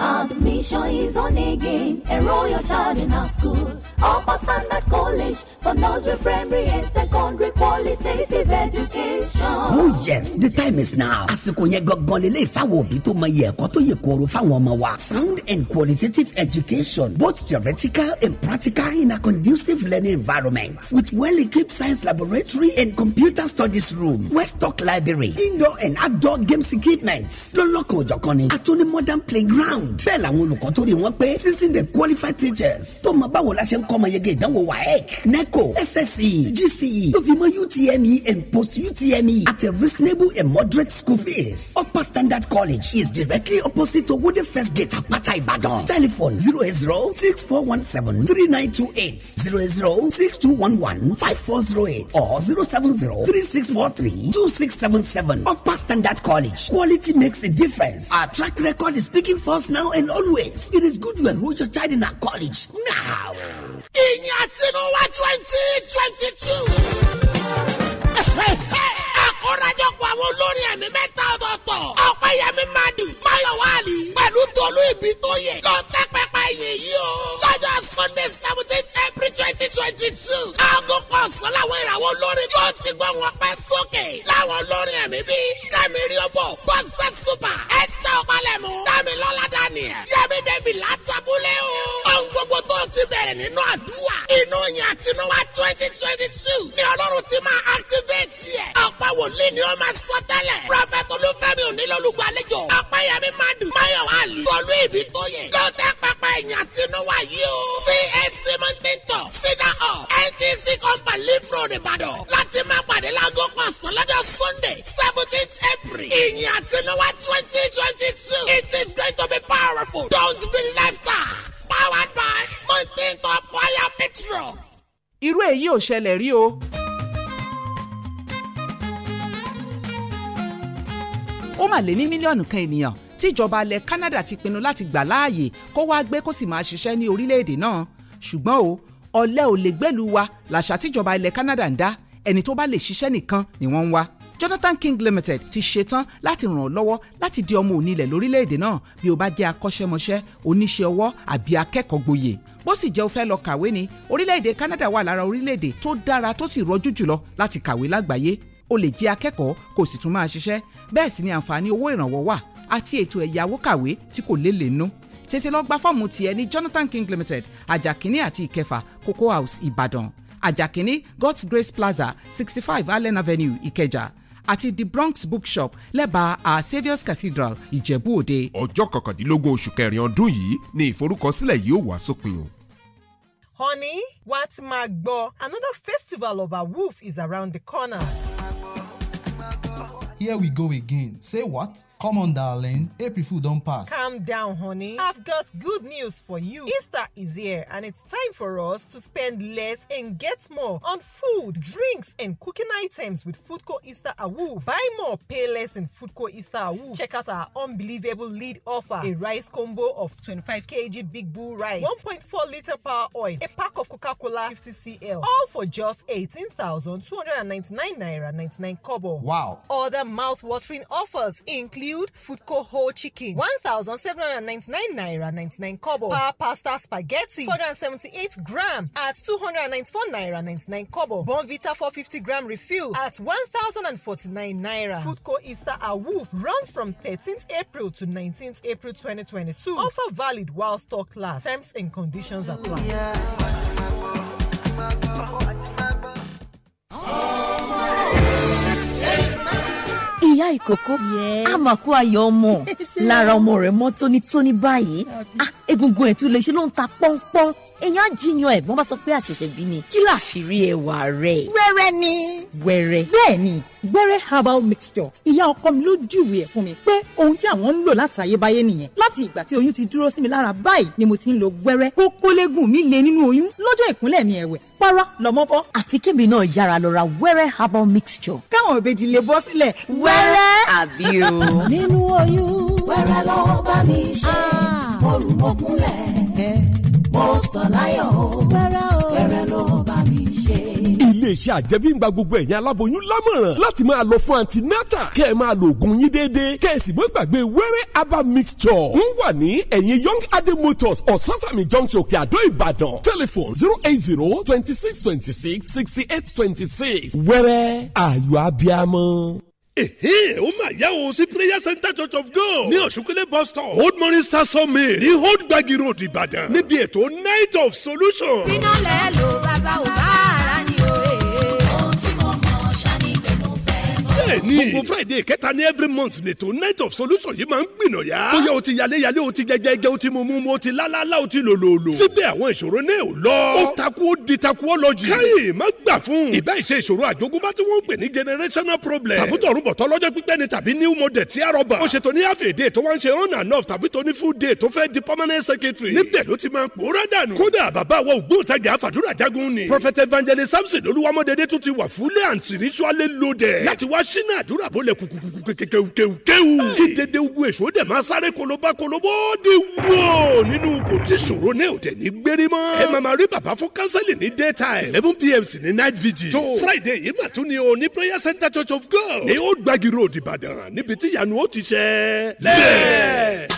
S7: Admission is on again. Enroll your child in our school. Upper Standard College for nursery, primary, and secondary qualitative education.
S11: oh yes the time is now. àsìkò yẹn gangan lélẹ̀ ìfáwọn òbí tó mọ iye ẹ̀kọ́ tó yẹ kóró fáwọn ọmọ wa. sound and qualitative education both theoretical and practical in a conducive learning environment with well-equipped science laboratory and computer studies room Westock library indoor and outdoor games equipment lọ́lọ́kọ̀ òjọ̀kan ni àtúní modern playground bẹ́ẹ̀ làwọn olùkọ́ tó rí wọn pé sixteen the qualified teachers tó mọ báwo la ṣe ń kọ́ ọmọ yege ìdánwò waec neco sse gce tó fi mọ utme and post UTME at a reasonable and moderate school fees. Upper Standard College is directly opposite to Wooden First Gate, Patay Ibadan. Telephone 080 6417 3928 6211 or 070 3643 2677. Upper Standard College. Quality makes a difference. Our track record is speaking for us now and always. It is good to enroll your child in our college
S5: now. In your 2022. àkórajọpọ̀ àwọn olórin ẹ̀mí mẹ́ta ọ̀tọ̀ọ̀tọ̀ ọ̀pẹ̀yẹmí madu mayowali pẹ̀lú tolú ibi tó yẹ ló tẹ́ pẹpẹ yẹ yìí o lọ́jọ́ sunday seventeen april twenty twenty two aago kọ̀ọ̀sán làwọn ìràwọ̀ olórin yóò ti gbọ́ wọn pẹ́ sókè láwọn olórin ẹ̀mí bíi kẹ́mìrì ọ̀bọ̀ fọ́sẹ̀ super esther ọ̀pálẹ̀mú dámilọ́lá daniel yẹ́mi david látàbúlẹ̀ o bẹ̀rẹ̀ nínú àdúrà inú yẹn àtinúwá twenty twenty two ni ọlọ́run ti máa activate yẹ. ọ̀pọ̀ wòlíì ni ó máa sọ tẹ́lẹ̀. prọfẹ̀tì olúfẹ́mi onílọ́lùgbàlejò. ọ̀pẹ̀yẹmí madu. mayo ali. tọ́lú ibi tó yẹ. yóò tẹ pápá ẹ̀yìn àtinúwá yìí o. csc mọ́tẹ́ntọ̀ sinahọ́ ntc company leaf road ìbàdàn láti máa ìpàdé láago pàṣẹ lọ́jọ́ sunday seventeenth april ìyìn àtinúwá twenty twenty two it is going to be powerful don't be left out powered by continental fire petros.
S4: irú èyí ò ṣẹlẹ̀ rí o. ó mà lé ní mílíọ̀nù kan ènìyàn tí ìjọba ilẹ̀ Canada ti pinnu láti gbà láàyè kó wáá gbé kó sì máa ṣiṣẹ́ ní orílẹ̀-èdè náà ṣùgbọ́n o ọ̀lẹ́ ò lè gbẹ́lu wa làṣà tíjọba ilẹ̀ Canada ń dá ẹni tó bá lè ṣiṣẹ́ nìkan ni wọ́n ń wá Jonathan King Limited ti ṣetán láti ràn ọ́ lọ́wọ́ láti di ọmọ onílẹ̀ lórílẹ̀‐èdè náà bí o bá jẹ́ akọ́ṣẹ́mọṣẹ́ oníṣẹ́ ọwọ́ àbí akẹ́kọ̀ọ́ gboyè bó sì jẹ́ o fẹ́ lọ kàwé ní orílẹ̀‐èdè Canada wà lára orílẹ̀‐èdè tó dára tó sì rọjú jùlọ láti kàwé lágbàáyé o lè jẹ́ akẹ́kọ̀ọ́ kó sì tún máa ṣiṣẹ́ bẹ́ẹ̀ sì ni àǹfààní owó ìrànwọ́ wà àti ètò ẹ̀yáwó kàwé
S3: tí kò lélè nú tètè lọ gba fọ́ọ̀mù tiẹ̀ ní Jonathan King Limited ajakini àti ìkẹfà Cocoa House Ìbàdàn 0800 ajakini god's grace plaza sixty five allen avenue ìkẹjà àti the bronx bookshop lẹ́bàá our saviour's cathedral ìjẹ̀bú-òde.
S14: ọjọ́ kọkàndínlógún oṣù kẹrin ọdún yìí ni ìforúkọsílẹ̀ yìí ó sópin o.
S3: honey wàá ti máa gbọ́ another festival of awoof is around the corner.
S4: Here we go again. Say what? Come on, darling. April Fool don't pass.
S3: Calm down, honey. I've got good news for you. Easter is here, and it's time for us to spend less and get more on food, drinks, and cooking items with Foodco Easter Awu. Buy more, pay less in Foodco Easter Awu. Check out our unbelievable lead offer: a rice combo of 25 kg Big Bull rice, 1.4 liter power oil, a pack of Coca-Cola 50 cl, all for just 18,299 naira 99 kobo. Wow. Other mouth-watering offers include Foodco whole chicken, 1,799 naira 99 kobo per pasta spaghetti, 478 gram at 294 naira 99 kobo, Bonvita 450 gram refill at 1,049 naira. Foodco Easter Awoof runs from 13th April to 19th April 2022. Offer valid while stock lasts. Terms and conditions apply. Yeah.
S10: ìyá ìkókó amaku kó ayọ̀ ọmọ (laughs) lára ọmọ rẹ̀ mọ́ tónítóní báyìí egungun ẹ̀ tún lè ṣe ló ń ta pọ́npọ́n èèyàn ajínigbọ̀n ẹ̀gbọ́n bá sọ pé àṣẹ̀ṣẹ̀ bí ni kí làṣírí ẹwà rẹ̀. wẹ́rẹ́ ni. wẹ́rẹ́. bẹ́ẹ̀ ni
S3: wẹ́rẹ́ herbal mixture ìyá ọkọ mi ló júwèé ẹ̀ fún mi pé ohun tí àwọn ń lò láti àyébáyé nìyẹn láti ìgbà tí oyún ti dúró sí mi lára báyìí ni mo ti ń lo wẹ́rẹ́ kókólégùn mi lè nínú oyún
S10: lọ́jọ́ ìkúnlẹ̀ mi ẹ̀wẹ̀ para lọ́mọ bọ́. àfi kébì náà yára lọ ra wẹ́rẹ́ herbal mixture. káwọn
S7: òbejì lè bọ́ sílẹ̀ wẹ́rẹ́ wẹ́rẹ́. àbí o. nínú oyún. wẹ́rẹ́ lọ bá mi ṣe ah. mo rù eh. mo kúnlẹ̀ mo sọ láyọ̀ o wẹ́rẹ́ lọ bá mi ṣe
S15: iléeṣẹ́ àjẹmíngba gbogbo ẹ̀yin aláboyún lámọ̀ràn láti máa lọ fún antinata kẹ́ ẹ̀ máa lo oògùn yín déédéé kẹ́ ẹ̀ sì mọ́ gbàgbé wẹ́rẹ́ herbal mixture ń wà ní ẹ̀yìn young adé motors ososani junction òkè àdó ìbàdàn telephone zero eight zero twenty six twenty six sixty eight twenty six wẹ́rẹ́ ayọ̀ abiamọ ehe o ma yà o sí prayer center church of god ní ọ̀ṣunkẹ́lẹ́ bus stop old morning star summit ní old gbagi road ìbàdàn níbi ètò night of solution.
S7: iná lẹ́ lo bàbá ò bá a.
S15: bẹ́ẹ̀ni gbogbo friday kẹta ní every month lètò night of solution yìí máa ń gbìnàyà. bóyá o ti yaléyalé o ti jẹjẹjẹ o ti mumu o ti lálálá o ti lòlòlò. síbẹ̀ àwọn ìṣòro náà ò lọ. ó takú ó di takú ó lọ jù. káyè má gbà fún. ìbá ìṣe ìṣòro àjogúnbá tí wọ́n ń pè ní generational problem. tàbí tọ̀run bọ̀ tọ́lọ́jọ́ pípẹ́ ni tàbí new model tí a rọ̀bà. ó ṣe tó ní half a tó wá ń ṣe on and off tàbí tó ní full day tó fẹ́ di permanent secretary. níbẹ̀ ló ti máa ń pòórá dànù. kódà bàbá wa ògbóǹtajà àfàdúrà jagun ni. prophet evangelist samson olúwamọ́dédé tún ti wà fúlẹ̀ and spiritually loaded. láti wá ṣ sínú àdúrà bó lẹ kùkùkù kékéwkéwkéwu. kí dédé ugu èso dẹ̀ máa sáré koloba kolobo di wó nínú kò tí ṣòro náà ò dẹ̀ ní gbérí mọ́. ẹ máa ma rí bàbá fún kánsẹ́lì ní daytime eleven pm sí ní night vigil. tó friday yìí mà tún ni o ní prayer center church of god. ni ó gbági road ìbàdàn níbi tí yanu ó ti ṣẹ. lẹ́ẹ̀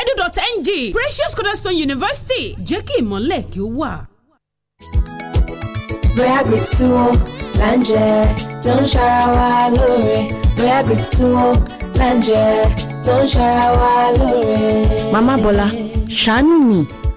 S10: edu.ng Precious Cornerstone University jẹ́ kí ìmọ̀lẹ̀ kí ó wà.
S7: Bóyá tí wọ́n là ń jẹ tó ń ṣara wa lóore. Bóyá tí wọ́n là ń jẹ tó ń ṣara wa lóore. Màmá Bọ́lá
S3: ṣàánú mi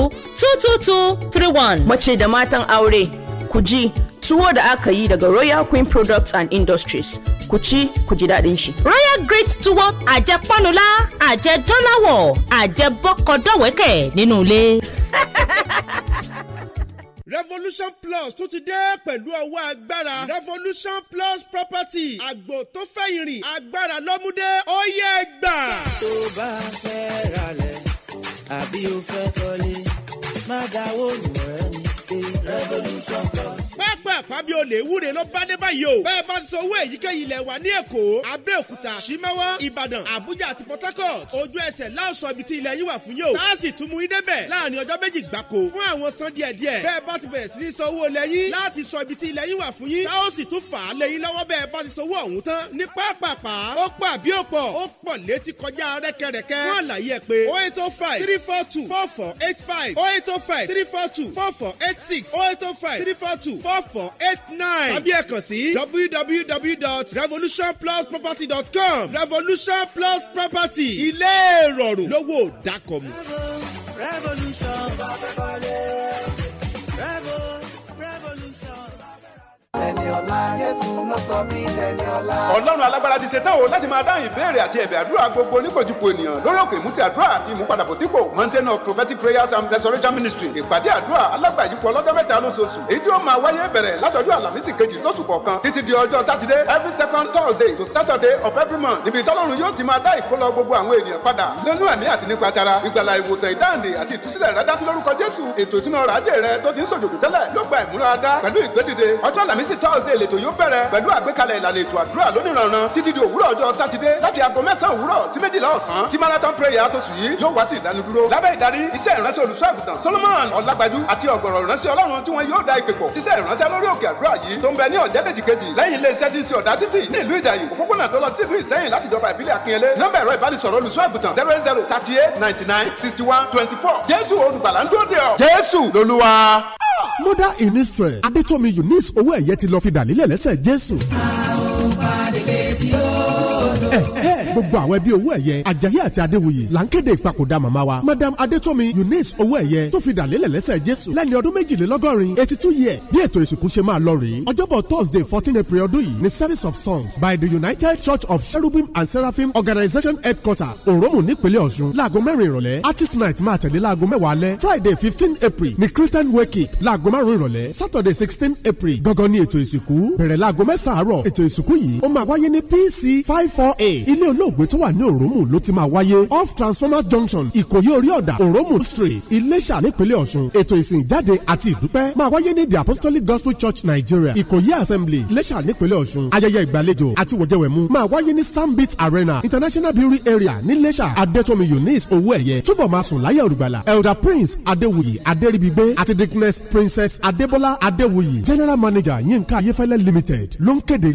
S10: two two two three one. Mace da matan aure ku ji tuwo da aka yi daga Royal Queen Products and Industries. Ku ci ku ji daɗin shi. Royal Great Tuwo àjẹ Pánulá, àjẹ Dọ́láwọ̀, àjẹ Bọ́kọ̀dọ̀wẹ́kẹ̀ nínú ilé. (laughs)
S8: Revolution Plus tún ti dé pẹ̀lú ọwọ́ agbára. Revolution Plus Property àgbò
S4: tó fẹ́ ìrìn agbára lọ́múdé ó yẹ gbà. Tó bá fẹ́ ralẹ̀ àbí o fẹ́ kọ́lé má dáwọ́ lù ọ̀rẹ́ mi pé
S9: revolution club
S8: àfábíolè wúre ló bá dé báyìí o bẹ́ẹ̀ bá ti sọ owó èyíkéyìí ilẹ̀ wa ní èkó abẹ́òkúta ṣímẹ́wọ́ ìbàdàn àbújá àti port harcourt ojú ẹsẹ̀ láòsọ ibi tí ilẹ̀ yín wà fún yóò láàsì tún mú idébẹ̀ láàrin ọjọ́ méjì gbáko fún àwọn san díẹ̀ díẹ̀ bẹ́ẹ̀ bá ti bẹ̀rẹ̀ sí
S4: ní sọ owó lẹ́yìn láti sọ ibi tí ilẹ̀ yín wà fún yín táwọn sì tún fà á lẹ́yìn lọ́wọ́ bẹ́ẹ̀ bá ti sọ owó ọ̀hún tán ní pápápá oh
S8: oh three four two four four eight five oh six oh eight
S4: oh five three four two four four eight nine tàbí ẹ kàn sí www.revolutionplusproperty.com revolution plus property ilé ìrọ̀rùn lówó
S5: dákọ̀mù.
S6: revolution bá
S4: dẹni ọlá Jésù ló sọ mí dẹni ọlá.
S14: Ọlọ́run alágbára ti ṣetán o láti máa dáhùn ìbéèrè àti ẹ̀bẹ̀ àdúrà gbogbo oníkojúpo ènìyàn lórí òkè ìmúsí àdúrà àti
S16: ìmúpadàbọ̀sípò mountain of prophetic prayers and restoration ministry ìpàdé àdúrà alágbàyípo ọlọ́jọ́ mẹ́ta lóṣooṣù èyí tí ó máa wáyé bẹ̀rẹ̀ látọjọ́ àlàmísì kejì lóṣù kọ̀ọ̀kan títí di ọjọ́ sátidé every second thursday to saturday of every month níbi tọ́lọ́run yóò ti máa dá ìkólọ gbogbo àwọn ènìyàn padà lónú ẹ̀mí àti nípa tara ìgbàlà ìwòsàn ìdáǹdè àti ìtúsílẹ̀ rádá lórúkọ jésù ètò ìsúná ọ̀rọ̀ ajé rẹ tó ti ń ṣòjòjò tẹ́lẹ̀ yóò gba ìmúláradá pẹ̀lú ìgbédìde ọjọ́ àlàmísì tọ́ thursday lètò yóò bẹ̀rẹ̀ pẹ̀lú àgbékalẹ̀ ìlànà ètò àdúrà
S14: lónìrànran títí di òwúrọ̀ ọjọ́ sátidé láti aago mẹ́sàn-án òwúrọ̀ sí méjìlá ọ̀sán tí marathon prayer tó sùn yìí yóò wá sí ìdánidúró lábẹ́ ìdarí iṣẹ́ ìránṣẹ́ olùṣọ́ àgùntàn solomon ọlágbájú àti ọ̀gọ̀rọ̀ ìránṣẹ́ ọlọ́run tí wọn yóò da ìpè pọ̀ síṣẹ́ ìránṣẹ́ lórí òkè àdúrà yìí tó ń bẹ ní ọ̀jẹ́dẹ̀jì kejì lẹ́yìn iléeṣẹ́ tí ń ṣe ọ̀dà títì ní ìlú ìjàyè òpópónà tó lọ sí ìlú ìsẹ́yìn láti ìjọba ìbílẹ̀ akínyẹlé nọ́mbà ẹ̀rọ ìbánisọ̀rọ̀ olùṣọ́ àgùntàn zero eight zero thirty eight ninety nine sixty one twenty four jésù olùgbàlà ń dúró de ọ jésù mother in history adétọ́mi eunice owó ẹ̀yẹ ti lọ fi dà nílẹ̀ lẹ́sẹ̀ jésù. ta
S9: ò bá délé tí ó
S14: gbogbo àwọn ẹbí owó ẹ̀yẹ àjàyí àti adéwòye là ń kéde ìpapòdà màmá wa madam adétọ́mi eunice owó ẹ̀yẹ tó fi dàlélẹ̀ lẹ́sẹ̀ jésù lẹ́ni ọdún méjìlélọ́gọ́rin eighty two years bí ètò ìsìnkú ṣe máa lọ rèé ọjọ́bọ̀ thursday fourteen april ọdún yìí ni service of songs by the united church of cherubim and seraphim organization headquarters òrómù nípínlẹ̀ ọ̀ṣun láago mẹ́rin ìrọ̀lẹ́ artist night máa tẹ̀lé láago mẹ́wàá alẹ́ friday fifteen april ni christian wake up láago márùn ìrọ̀lẹ́ saturday sixteen april gangan ni ètò ìsìnkú bẹ̀rẹ̀ láago mẹ́sàn-án àárọ̀ ètò ìsìnkú yìí ó máa wáyé ní pc five four eight ilé olóòtú olóògbé tó wà ní òrómù ló ti máa wáyé off transformers junction ìkòyí orí ọ̀dà òrómù street iléṣà nípínlẹ̀ ọ̀ṣun ètò ìsìn jáde àti ìdúpẹ́ máa wáyé ní the apostolic gospel church nigeria ìkòyí assembly iléṣà nípínlẹ̀ ọ̀ṣun ayẹyẹ ìgbàlejò àti wọ̀jẹwẹ̀mú máa wáyé ní sambit arena international brewery area níléṣà adétomi Yunis, owó ẹ̀yẹ túbọ̀ máa sùn láyé olùgbàlà elder prince adéwuyì adéribigbe àti dickness princess adébọlá adéwuyì general manager Yinka ayéfẹ́lẹ́ limited ló ń kéde